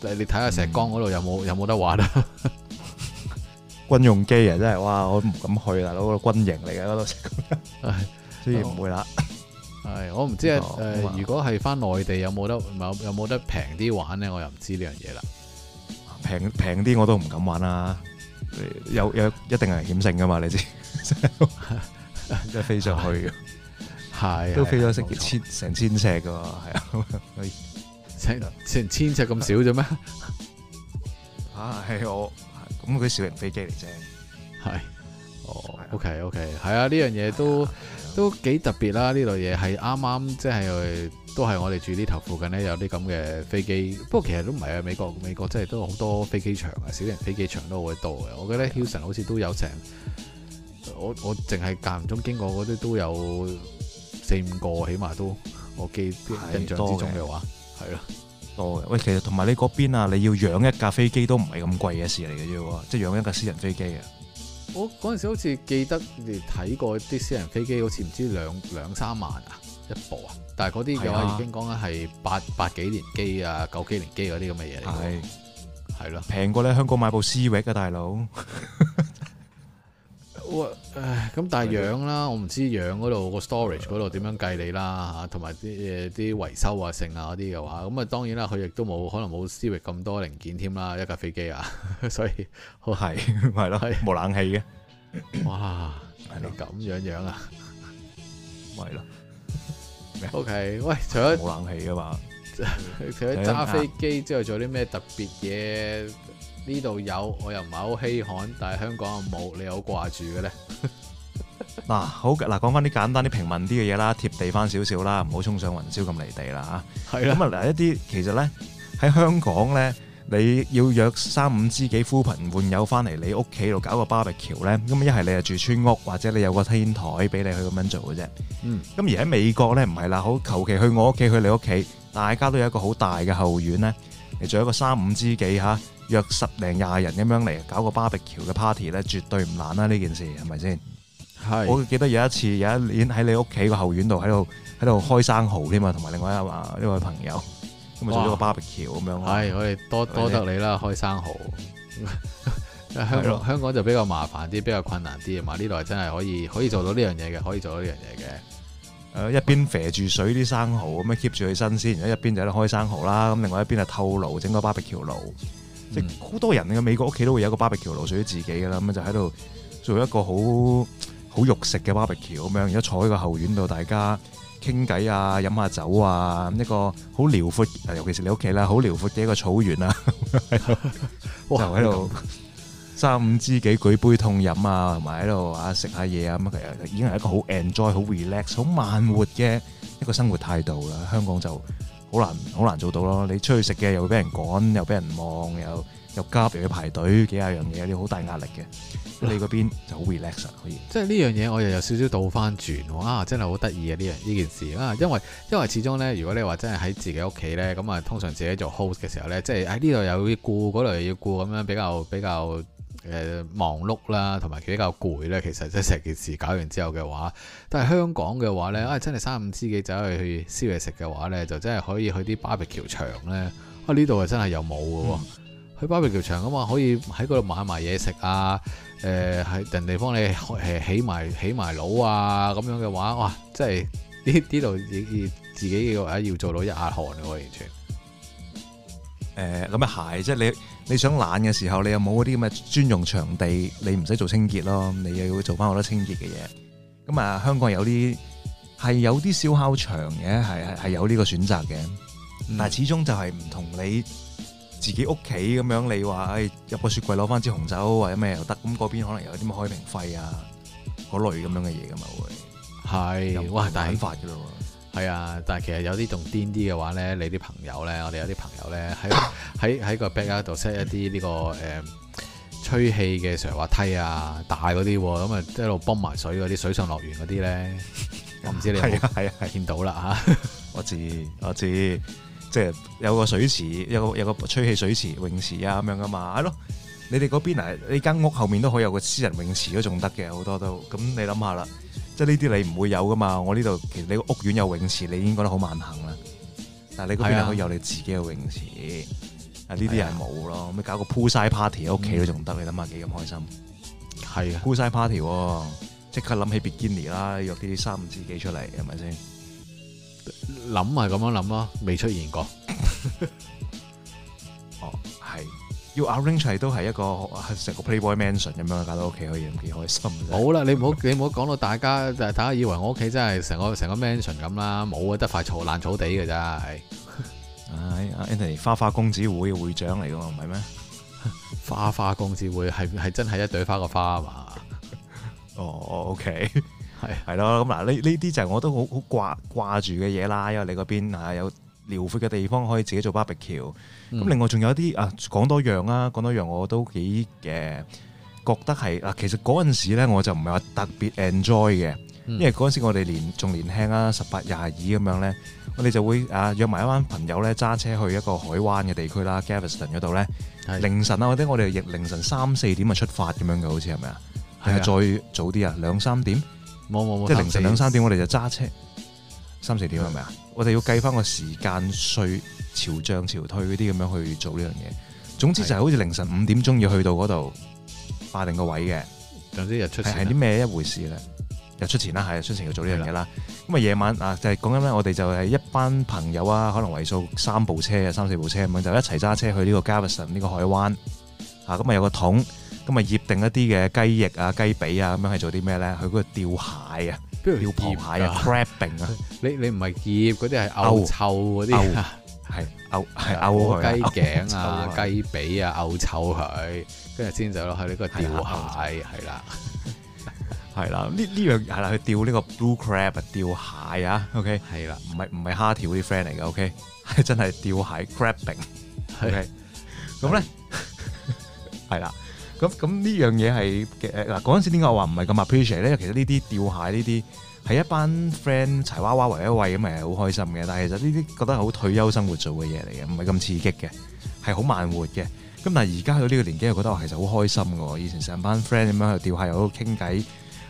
咁你睇下石崗嗰度有冇有冇得玩啊？嗯、軍用機啊，真係哇！我唔敢去啦，嗰度軍營嚟嘅嗰度，所以唔會啦。係我唔知啊，誒、嗯呃嗯，如果係翻內地有冇得有冇得平啲玩咧，我又唔知呢樣嘢啦。平平啲我都唔敢玩啦、啊，有有一定是危險性噶嘛，你知， [LAUGHS] 真係飛上去。嘅。係都飛咗成千成千尺嘅，係啊，成千尺咁少啫咩？啊，係、 [LAUGHS] [LAUGHS] 啊、我咁佢，那個、小型飛機嚟啫，係哦，O K O K，係啊，呢、okay, okay, 啊、樣嘢都，啊、都幾特別啦。呢、啊、類嘢係啱啱即係都係我哋住呢頭附近呢，有啲咁嘅飛機。不過其實都唔係啊，美國美國即係都好多飛機場啊，小型飛機場都會多嘅。我覺得 Hilton 好似都有成，我我淨係間唔中經過嗰啲都有。四五個起碼都我記印象之中嘅話係咯多嘅、啊、喂，其實同埋你嗰邊啊，你要養一架飛機都唔係咁貴嘅事嚟嘅啫，即係養一架私人飛機啊，我嗰陣時好似記得你睇過啲私人飛機好似唔知兩兩三萬啊一部啊，但係嗰啲嘅話是、啊、已經講緊係八八幾年機啊九幾年機嗰啲咁嘅嘢，係，係咯，平過你香港買部 C 域啊大佬。 [LAUGHS] 哇！咁但係養啦，我唔知養嗰度個 storage 嗰度點樣計你啦嚇，同埋啲嘢、啲維修啊、剩啊嗰啲嘅話，咁啊當然啦，佢亦都冇可能冇思域咁多零件添啦，一架飛機啊，所以好係係咯？冇冷氣嘅，哇！係你咁樣樣啊，咪咯。OK，喂，除咗冇冷氣嘅嘛，除咗揸飛機之後做啲咩特別嘢？呢度有我又唔係好稀罕，但係香港又冇，你有掛住嘅咧嗱。好嘅嗱，講翻啲簡單啲、平民啲嘅嘢啦，貼地翻少少啦，唔好沖上雲霄咁離地啦吓。係咁啊，嗱一啲其實咧喺香港咧，你要約三五知己、呼朋喚友翻嚟你屋企度搞個 barbecue 咧，咁一係你係住村屋，或者你有個天台俾你去咁樣做嘅啫。咁、嗯、而喺美國咧唔係啦，好求其去我屋企去你屋企，大家都有一個好大嘅後院咧，你做一個三五知己吓。約十零廿人咁樣嚟搞個 barbecue 嘅 party 咧，絕對唔難啦、啊。呢件事係咪先？係。我記得有一次，有一年喺你屋企個後院度喺度喺度開生蠔添嘛，同埋另外一位一位朋友咁咪做咗個 barbecue 咁樣。係、哎，我哋多多得你啦，開生蠔 [LAUGHS] 香。香港就比較麻煩啲，比較困難啲。嘛呢度真係可以可以做到呢樣嘢嘅，可以做到呢樣嘢嘅。誒、呃，一邊肥住水啲生蠔，咁樣 keep 住佢新鮮，一邊就喺度開生蠔啦。咁另外一邊係透爐整個 barbecue 爐。即、嗯、好多人嘅美國屋企都會有一個 barbecue 爐，屬於自己嘅啦。咁就喺度做一個好好肉食嘅 barbecue 咁樣，然家坐喺個後院度，大家傾偈啊、飲下酒啊，一個好遼闊，尤其是你屋企啦，好遼闊嘅一個草原啊， [LAUGHS] 就喺度三五知己舉杯痛飲啊，同埋喺度啊食下嘢啊，咁其實已經係一個好 enjoy、好 relax、好慢活嘅一個生活態度啦。香港就～好難好難做到咯！你出去食嘅又會俾人趕，又俾人望，又又加又要排隊，幾廿樣嘢，你好大壓力嘅。Yeah. 你嗰邊就好 relax 可以，即係呢樣嘢我又有少少倒翻轉啊！真係好得意啊呢樣呢件事啊，因為因為始終呢，如果你話真係喺自己屋企呢，咁啊通常自己做 host 嘅時候呢，即係喺呢度又要顧嗰度又要顧咁樣比較比較。誒忙碌啦，同埋比較攰咧，其實即係成件事搞完之後嘅話，但係香港嘅話咧，啊、哎、真係三五知己走去去燒嘢食嘅話咧，就真係可以去啲 BBQ 場咧，啊呢度啊真係有冇嘅喎，去 BBQ 場啊嘛，可以喺嗰度買埋嘢食啊，誒、呃、喺人哋幫你起埋起埋爐啊咁樣嘅話，哇，真係呢呢度自己嘅要做到一額汗。難嘅誒咁嘅鞋，即係你你想懶嘅時候，你又冇嗰啲咁嘅專用場地，你唔使做清潔咯，你又要做翻好多清潔嘅嘢。咁啊，香港有啲係有啲燒烤場嘅，係係係有呢個選擇嘅、嗯。但係始終就係唔同你自己屋企咁樣，你話、哎、入個雪櫃攞翻支紅酒或者咩又得，咁嗰邊可能有啲開瓶費啊嗰類咁樣嘅嘢噶嘛會係哇，玩法㗎喎。係啊，但係其實有啲仲癲啲嘅話咧，你啲朋友咧，我哋有啲朋友咧，喺喺喺個 backyard 度 set 一啲呢、呢個誒、呃、吹氣嘅雪滑，滑梯啊，大嗰啲咁啊，一路泵埋水嗰啲水上樂園嗰啲咧， [LAUGHS] 我唔知道你有冇見到啦嚇、 [LAUGHS] 啊啊啊啊。 [LAUGHS] 我知我知，即、就、係、是、有個水池，有個有個吹氣水池泳池啊咁樣噶嘛，係咯。你哋嗰邊啊，你間屋後面都可以有個私人泳池都仲得嘅，好多都咁你諗下啦。呢啲你唔會有噶嘛，我呢度其實你個屋苑有泳池，你已經覺得好萬幸啦。但係你嗰邊又可以有你自己嘅泳池，啊呢啲係冇咯，咁、啊、搞個 Poolside Party 喺屋企都仲得，你諗下幾咁開心。係啊 Poolside Party，即刻諗起 Bikini 啦，約啲三五知己出嚟，係咪先？諗係咁樣諗咯，未出現過。 [LAUGHS] 要 arrange 出嚟都係一個成個 Playboy Mansion 咁樣搞到屋企可以幾開心。好啦，你唔好你唔好講到大家，大家以為我屋企真係成個成個 Mansion 咁啦，冇啊，得塊嘈爛草地㗎咋。唉 a, a, [LAUGHS] Anthony, a house,、right? [LAUGHS] 花花公子會嘅會長嚟㗎嘛，唔係咩？花花公子會係係真係一朵花嘅花啊嘛。哦，OK，係係咯。咁嗱，呢呢啲就係我都好好掛掛住嘅嘢啦。因為你嗰邊啊有。遼闊嘅地方可以自己做 barbecue，咁、嗯、另外仲有一啲啊，講多樣啊，講多樣我都幾嘅覺得係啊。其實嗰陣時咧，我就唔係話特別 enjoy 嘅、嗯，因為嗰陣時我哋年仲年輕啊，十八廿二咁樣咧，我哋就會啊約埋一班朋友咧，揸車去一個海灣嘅地區啦，Gaveston 嗰度咧，凌晨啊或者我哋亦凌晨三四點啊出發咁樣嘅，好似係咪啊？係再早啲啊，兩三點？冇冇冇，即係凌晨兩三點，我哋就揸車。三四點係咪啊？是是嗯、我哋要計翻個時間序，潮漲潮退嗰啲咁樣去做呢樣嘢。總之就係好似凌晨五點鐘要去到嗰度，花定個位嘅。總之日出係啲咩一回事咧？日出前啦，係出前要做呢樣嘢啦。咁啊夜晚啊，就係講緊咧，我哋就係一班朋友啊，可能為數三部車啊，三四部車咁樣就一齊揸車去呢個 Garrison 呢個海灣。啊，咁啊有個桶，咁啊醃定一啲嘅雞翼啊、雞髀啊咁樣係做啲咩咧？去嗰度釣蟹啊！不如釣蟹啊 crabbing 啊！你你唔係夾嗰啲係漚臭嗰啲，係漚係漚雞頸啊雞髀啊漚臭佢、啊，跟住先走落去呢個釣蟹，係、啊啊嗯、啦，係 [LAUGHS] [LAUGHS] 啦，呢呢樣係啦去釣呢個 blue crab 釣、啊、蟹啊！OK，係啦，唔係唔係蝦條啲 friend 嚟嘅 OK 係真係釣蟹 crabbing OK 咁咧係啦。咁咁呢樣嘢係嘅嗱，嗰陣時點解我話唔係咁 appreciate 咧？娃娃其實呢啲釣蟹呢啲係一班 friend 齊娃娃圍一圍咁係好開心嘅。但係其實呢啲覺得好退休生活做嘅嘢嚟嘅，唔係咁刺激嘅，係好慢活嘅。咁但係而家去到呢個年紀，又覺得我其實好開心嘅。以前成班 friend 咁樣去釣蟹，又喺度傾偈，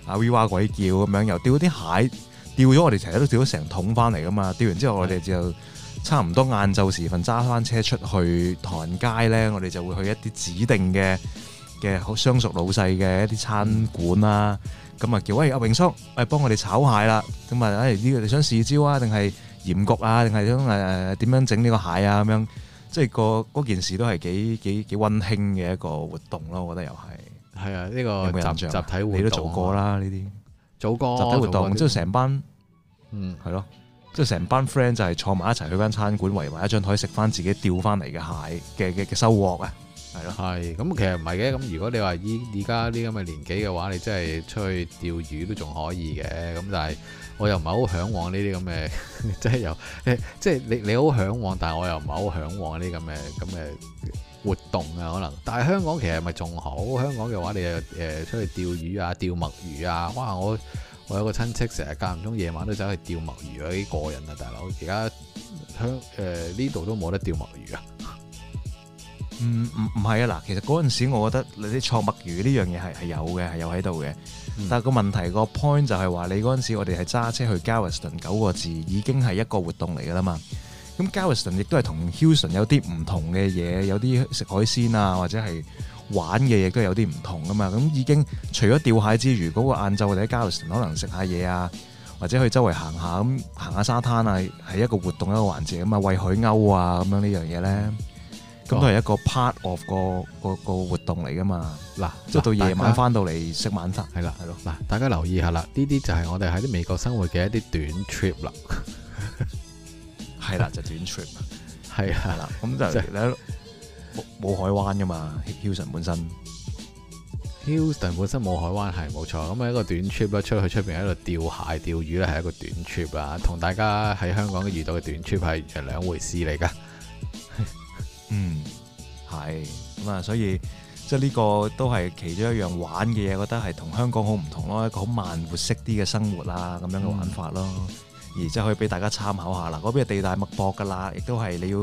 啊 We 鬼叫咁樣，又釣啲蟹，釣咗我哋成日都釣咗成桶翻嚟㗎嘛。釣完之後，我哋就差唔多晏晝時分揸翻車出去唐人街咧，我哋就會去一啲指定嘅嘅好相熟老細嘅一啲餐館啊，咁、嗯、啊叫喂阿榮叔、哎，幫我哋炒蟹啦，咁啊誒呢個你想試招啊，定係鹽焗啊，定係想誒點、呃、樣整呢個蟹啊咁樣，即係個嗰件事都係幾幾幾溫馨嘅一個活動咯、啊，我覺得又係。係啊，呢、呢個集集體活動你都做過啦，呢啲做過集體活動，即係成班，嗯，係咯，即係成班 friend 就係坐埋一齊去間餐館圍埋一張台食翻自己釣翻嚟嘅蟹嘅嘅嘅收穫啊！係咯，係咁，其實唔係嘅。咁如果你話依依家呢咁嘅年紀嘅話，你真係出去釣魚都仲可以嘅。咁但係我又唔係好向往呢啲咁嘅，即係又即係你、就是、你好向往，但係我又唔係好向往呢啲咁嘅咁嘅活動啊。可能，但係香港其實咪仲好。香港嘅話你，你又誒出去釣魚啊，釣墨魚啊，哇！我我有個親戚成日間唔中夜晚都走去釣墨魚啊，啲過癮啊，大佬而家香誒呢度都冇得釣墨魚啊。唔唔唔係啊，嗱，其實嗰陣時我覺得你啲錯墨魚呢樣嘢係係有嘅，係有喺度嘅。但係個問題個 point 就係話你嗰陣時我哋係揸車去 Galveston 九個字已經係一個活動嚟㗎啦嘛。咁 Galveston 亦都係同 Houston 有啲唔同嘅嘢，有啲食海鮮啊，或者係玩嘅嘢都有啲唔同㗎嘛。咁已經除咗釣蟹之餘，嗰個晏晝我哋喺 Galveston 可能食下嘢啊，或者去周圍行下，咁行下沙灘啊，係一個活動一個環節啊嘛。餵海鷗啊咁樣這呢樣嘢咧。咁都係一個 part of 個個活動嚟噶嘛？嗱、啊，即到夜晚翻到嚟食晚飯，係啦，係咯。嗱，大家留意一下啦，呢啲就係我哋喺啲美國生活嘅一啲短 trip 啦。係 [LAUGHS] 啦，就短 trip。係啊，咁就咧，冇海灣噶嘛，Houston 本身。Houston 本身冇海灣係冇錯，咁啊一個短 trip 咧出去出邊喺度釣蟹，釣魚咧係一個短 trip 啊，同大家喺香港遇到嘅短 trip 係兩回事嚟噶。嗯，係咁啊，所以即係呢個都係其中一樣玩嘅嘢，覺得係同香港好唔同咯，一個好慢活式啲嘅生活啊，咁樣嘅玩法咯，嗯，而即係可以俾大家參考下啦。嗰邊地大物博噶啦，亦都係你要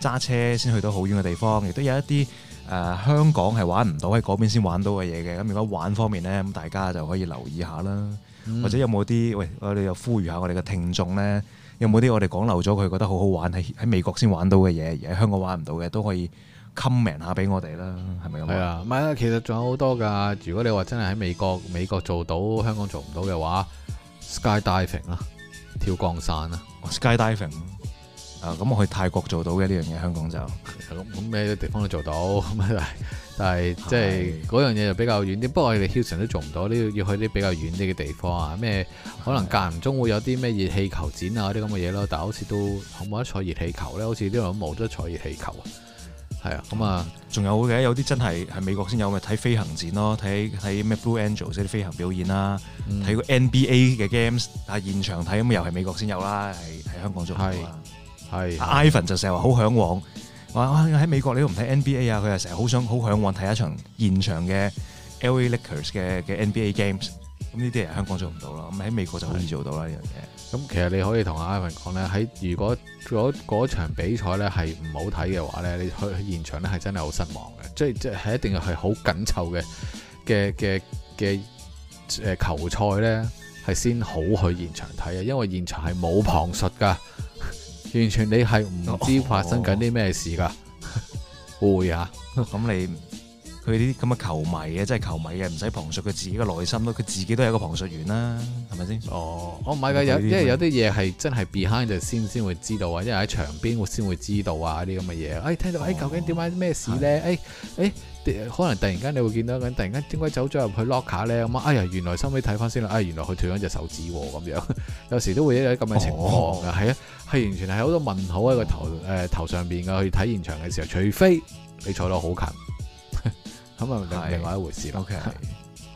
揸車先去到好遠嘅地方，亦都有一啲誒、呃、香港係玩唔到，喺嗰邊先玩到嘅嘢嘅。咁如果玩方面呢，咁大家就可以留意下啦，或者有冇啲、嗯、喂我哋又呼籲下我哋嘅聽眾呢？有冇啲我哋講漏咗佢覺得好好玩喺喺美國先玩到嘅嘢，而喺香港玩唔到嘅，都可以 comment 下俾我哋啦，係咪咁啊？係啊，唔係啊，其實仲有好多㗎。如果你話真係喺美國美國做到，香港做唔到嘅話，skydiving 啦，Sky diving，跳降傘啦，哦、skydiving 啊，咁我去泰國做到嘅呢樣嘢，香港就咁咩地方都做到咁但係即係嗰樣嘢就比較遠啲，不過我哋 Hilton 都做唔到，你要去啲比較遠啲嘅地方啊，咩可能間唔中會有啲咩熱氣球展啊啲咁嘅嘢咯，但係好似都冇得坐熱氣球咧，好似呢度都冇得坐熱氣球啊，係啊，咁、嗯、啊，仲有嘅，有啲真係係美國先有咪睇、就係、飛行展咯，睇睇咩 Blue Angels 啲飛行表演啦，睇、嗯、個 NBA 嘅 games 但現場睇咁又係美國先有啦，係係香港做唔到，係，Ivan 就成日話好嚮往。我喺美國你都唔睇 NBA 啊，佢啊成日好想好向往睇一場現場嘅 LA Lakers 嘅嘅 NBA games，咁呢啲人香港做唔到咯，咁喺美國就可以做到啦呢樣嘢。咁、這個、其實你可以同阿 Ivan 講咧，喺如果嗰場比賽咧係唔好睇嘅話咧，你去喺現場咧係真係好失望嘅，即係即係一定要係好緊湊嘅嘅嘅嘅誒球賽咧係先好去現場睇啊，因為現場係冇旁述㗎。完全你係唔知發生緊啲咩事噶、哦，哦哦、 [LAUGHS] 會啊！咁、哦、你佢呢啲咁嘅球迷嘅，真係球迷嘅，唔使旁述佢自己嘅內心咯，佢自己都係一個旁述員啦，係咪先？哦，我唔係噶，有因為有啲嘢係真係 behind 就先先會知道啊，一係喺場邊我先會知道啊啲咁嘅嘢，哎聽到哎究竟點解咩事咧？哎哎。可能突然間你會見到咁，突然間點解走咗入去 locker 咧？咁啊，哎呀，原來收尾睇翻先啦，哎，原來佢斷咗隻手指喎，咁樣有時都會有啲咁嘅情況。係、哦、啊，係完全係好多問號喺個頭、哦、頭上邊噶。去睇現場嘅時候，除非你坐到好近，咁啊係另外一回事。O K，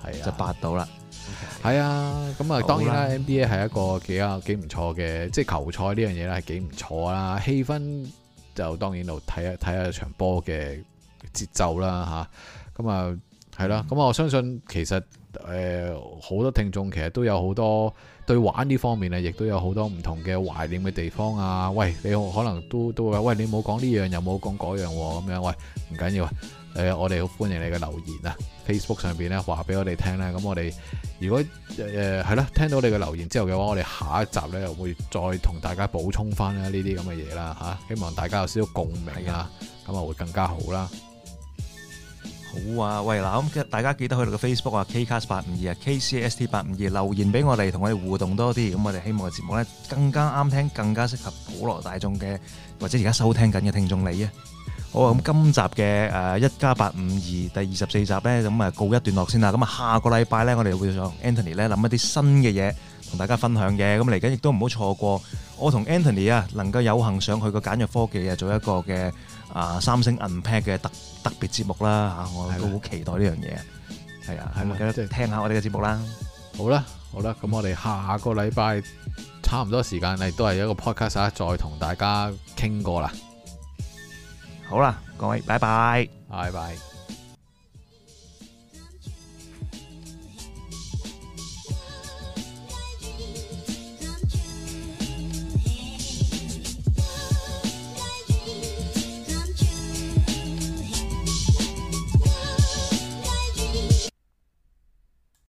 係就八到啦。係啊，咁、OK，啊當然啦，N B A 係一個幾啊幾唔錯嘅，即係球賽呢樣嘢啦，係幾唔錯啦。氣氛就當然度睇啊睇啊場波嘅。節奏啦嚇，咁啊係、啊、啦，咁啊我相信其實誒好、呃、多聽眾其實都有好多對玩呢方面呢，亦都有好多唔同嘅懷念嘅地方啊。喂，你可能都都會話，喂你冇講呢樣又冇講嗰樣喎，咁樣喂唔緊要啊。啊呃、我哋好歡迎你嘅留言啊，Facebook 上面咧話俾我哋聽啦、啊、咁我哋如果誒係、呃、啦，聽到你嘅留言之後嘅話，我哋下一集咧會再同大家補充翻啦呢啲咁嘅嘢啦嚇，希望大家有少少共鳴啊，咁啊會更加好啦。好啊，喂嗱，咁大家記得去到個 Facebook 啊，KCast 八五二啊，K C S T 八五二，留言俾我哋，同我哋互動多啲，咁我哋希望個節目咧更加啱聽，更加適合普羅大眾嘅，或者而家收聽緊嘅聽眾你啊。好啊，咁今集嘅誒一家八五二第二十四集咧，就咁啊告一段落先啦。咁啊，下個禮拜咧，我哋會上 Anthony 咧諗一啲新嘅嘢同大家分享嘅。咁嚟緊亦都唔好錯過，我同 Anthony 啊能夠有幸上去個簡約科技啊做一個嘅。啊！三星 Unpacked 嘅特特別節目啦嚇，我都好期待呢樣嘢，係啊，係咪？記得聽下我哋嘅節目啦，就係。好啦，好啦，咁我哋下個禮拜差唔多時間，亦都係一個 podcast 再同大家傾過啦。好啦，各位，拜拜，拜拜。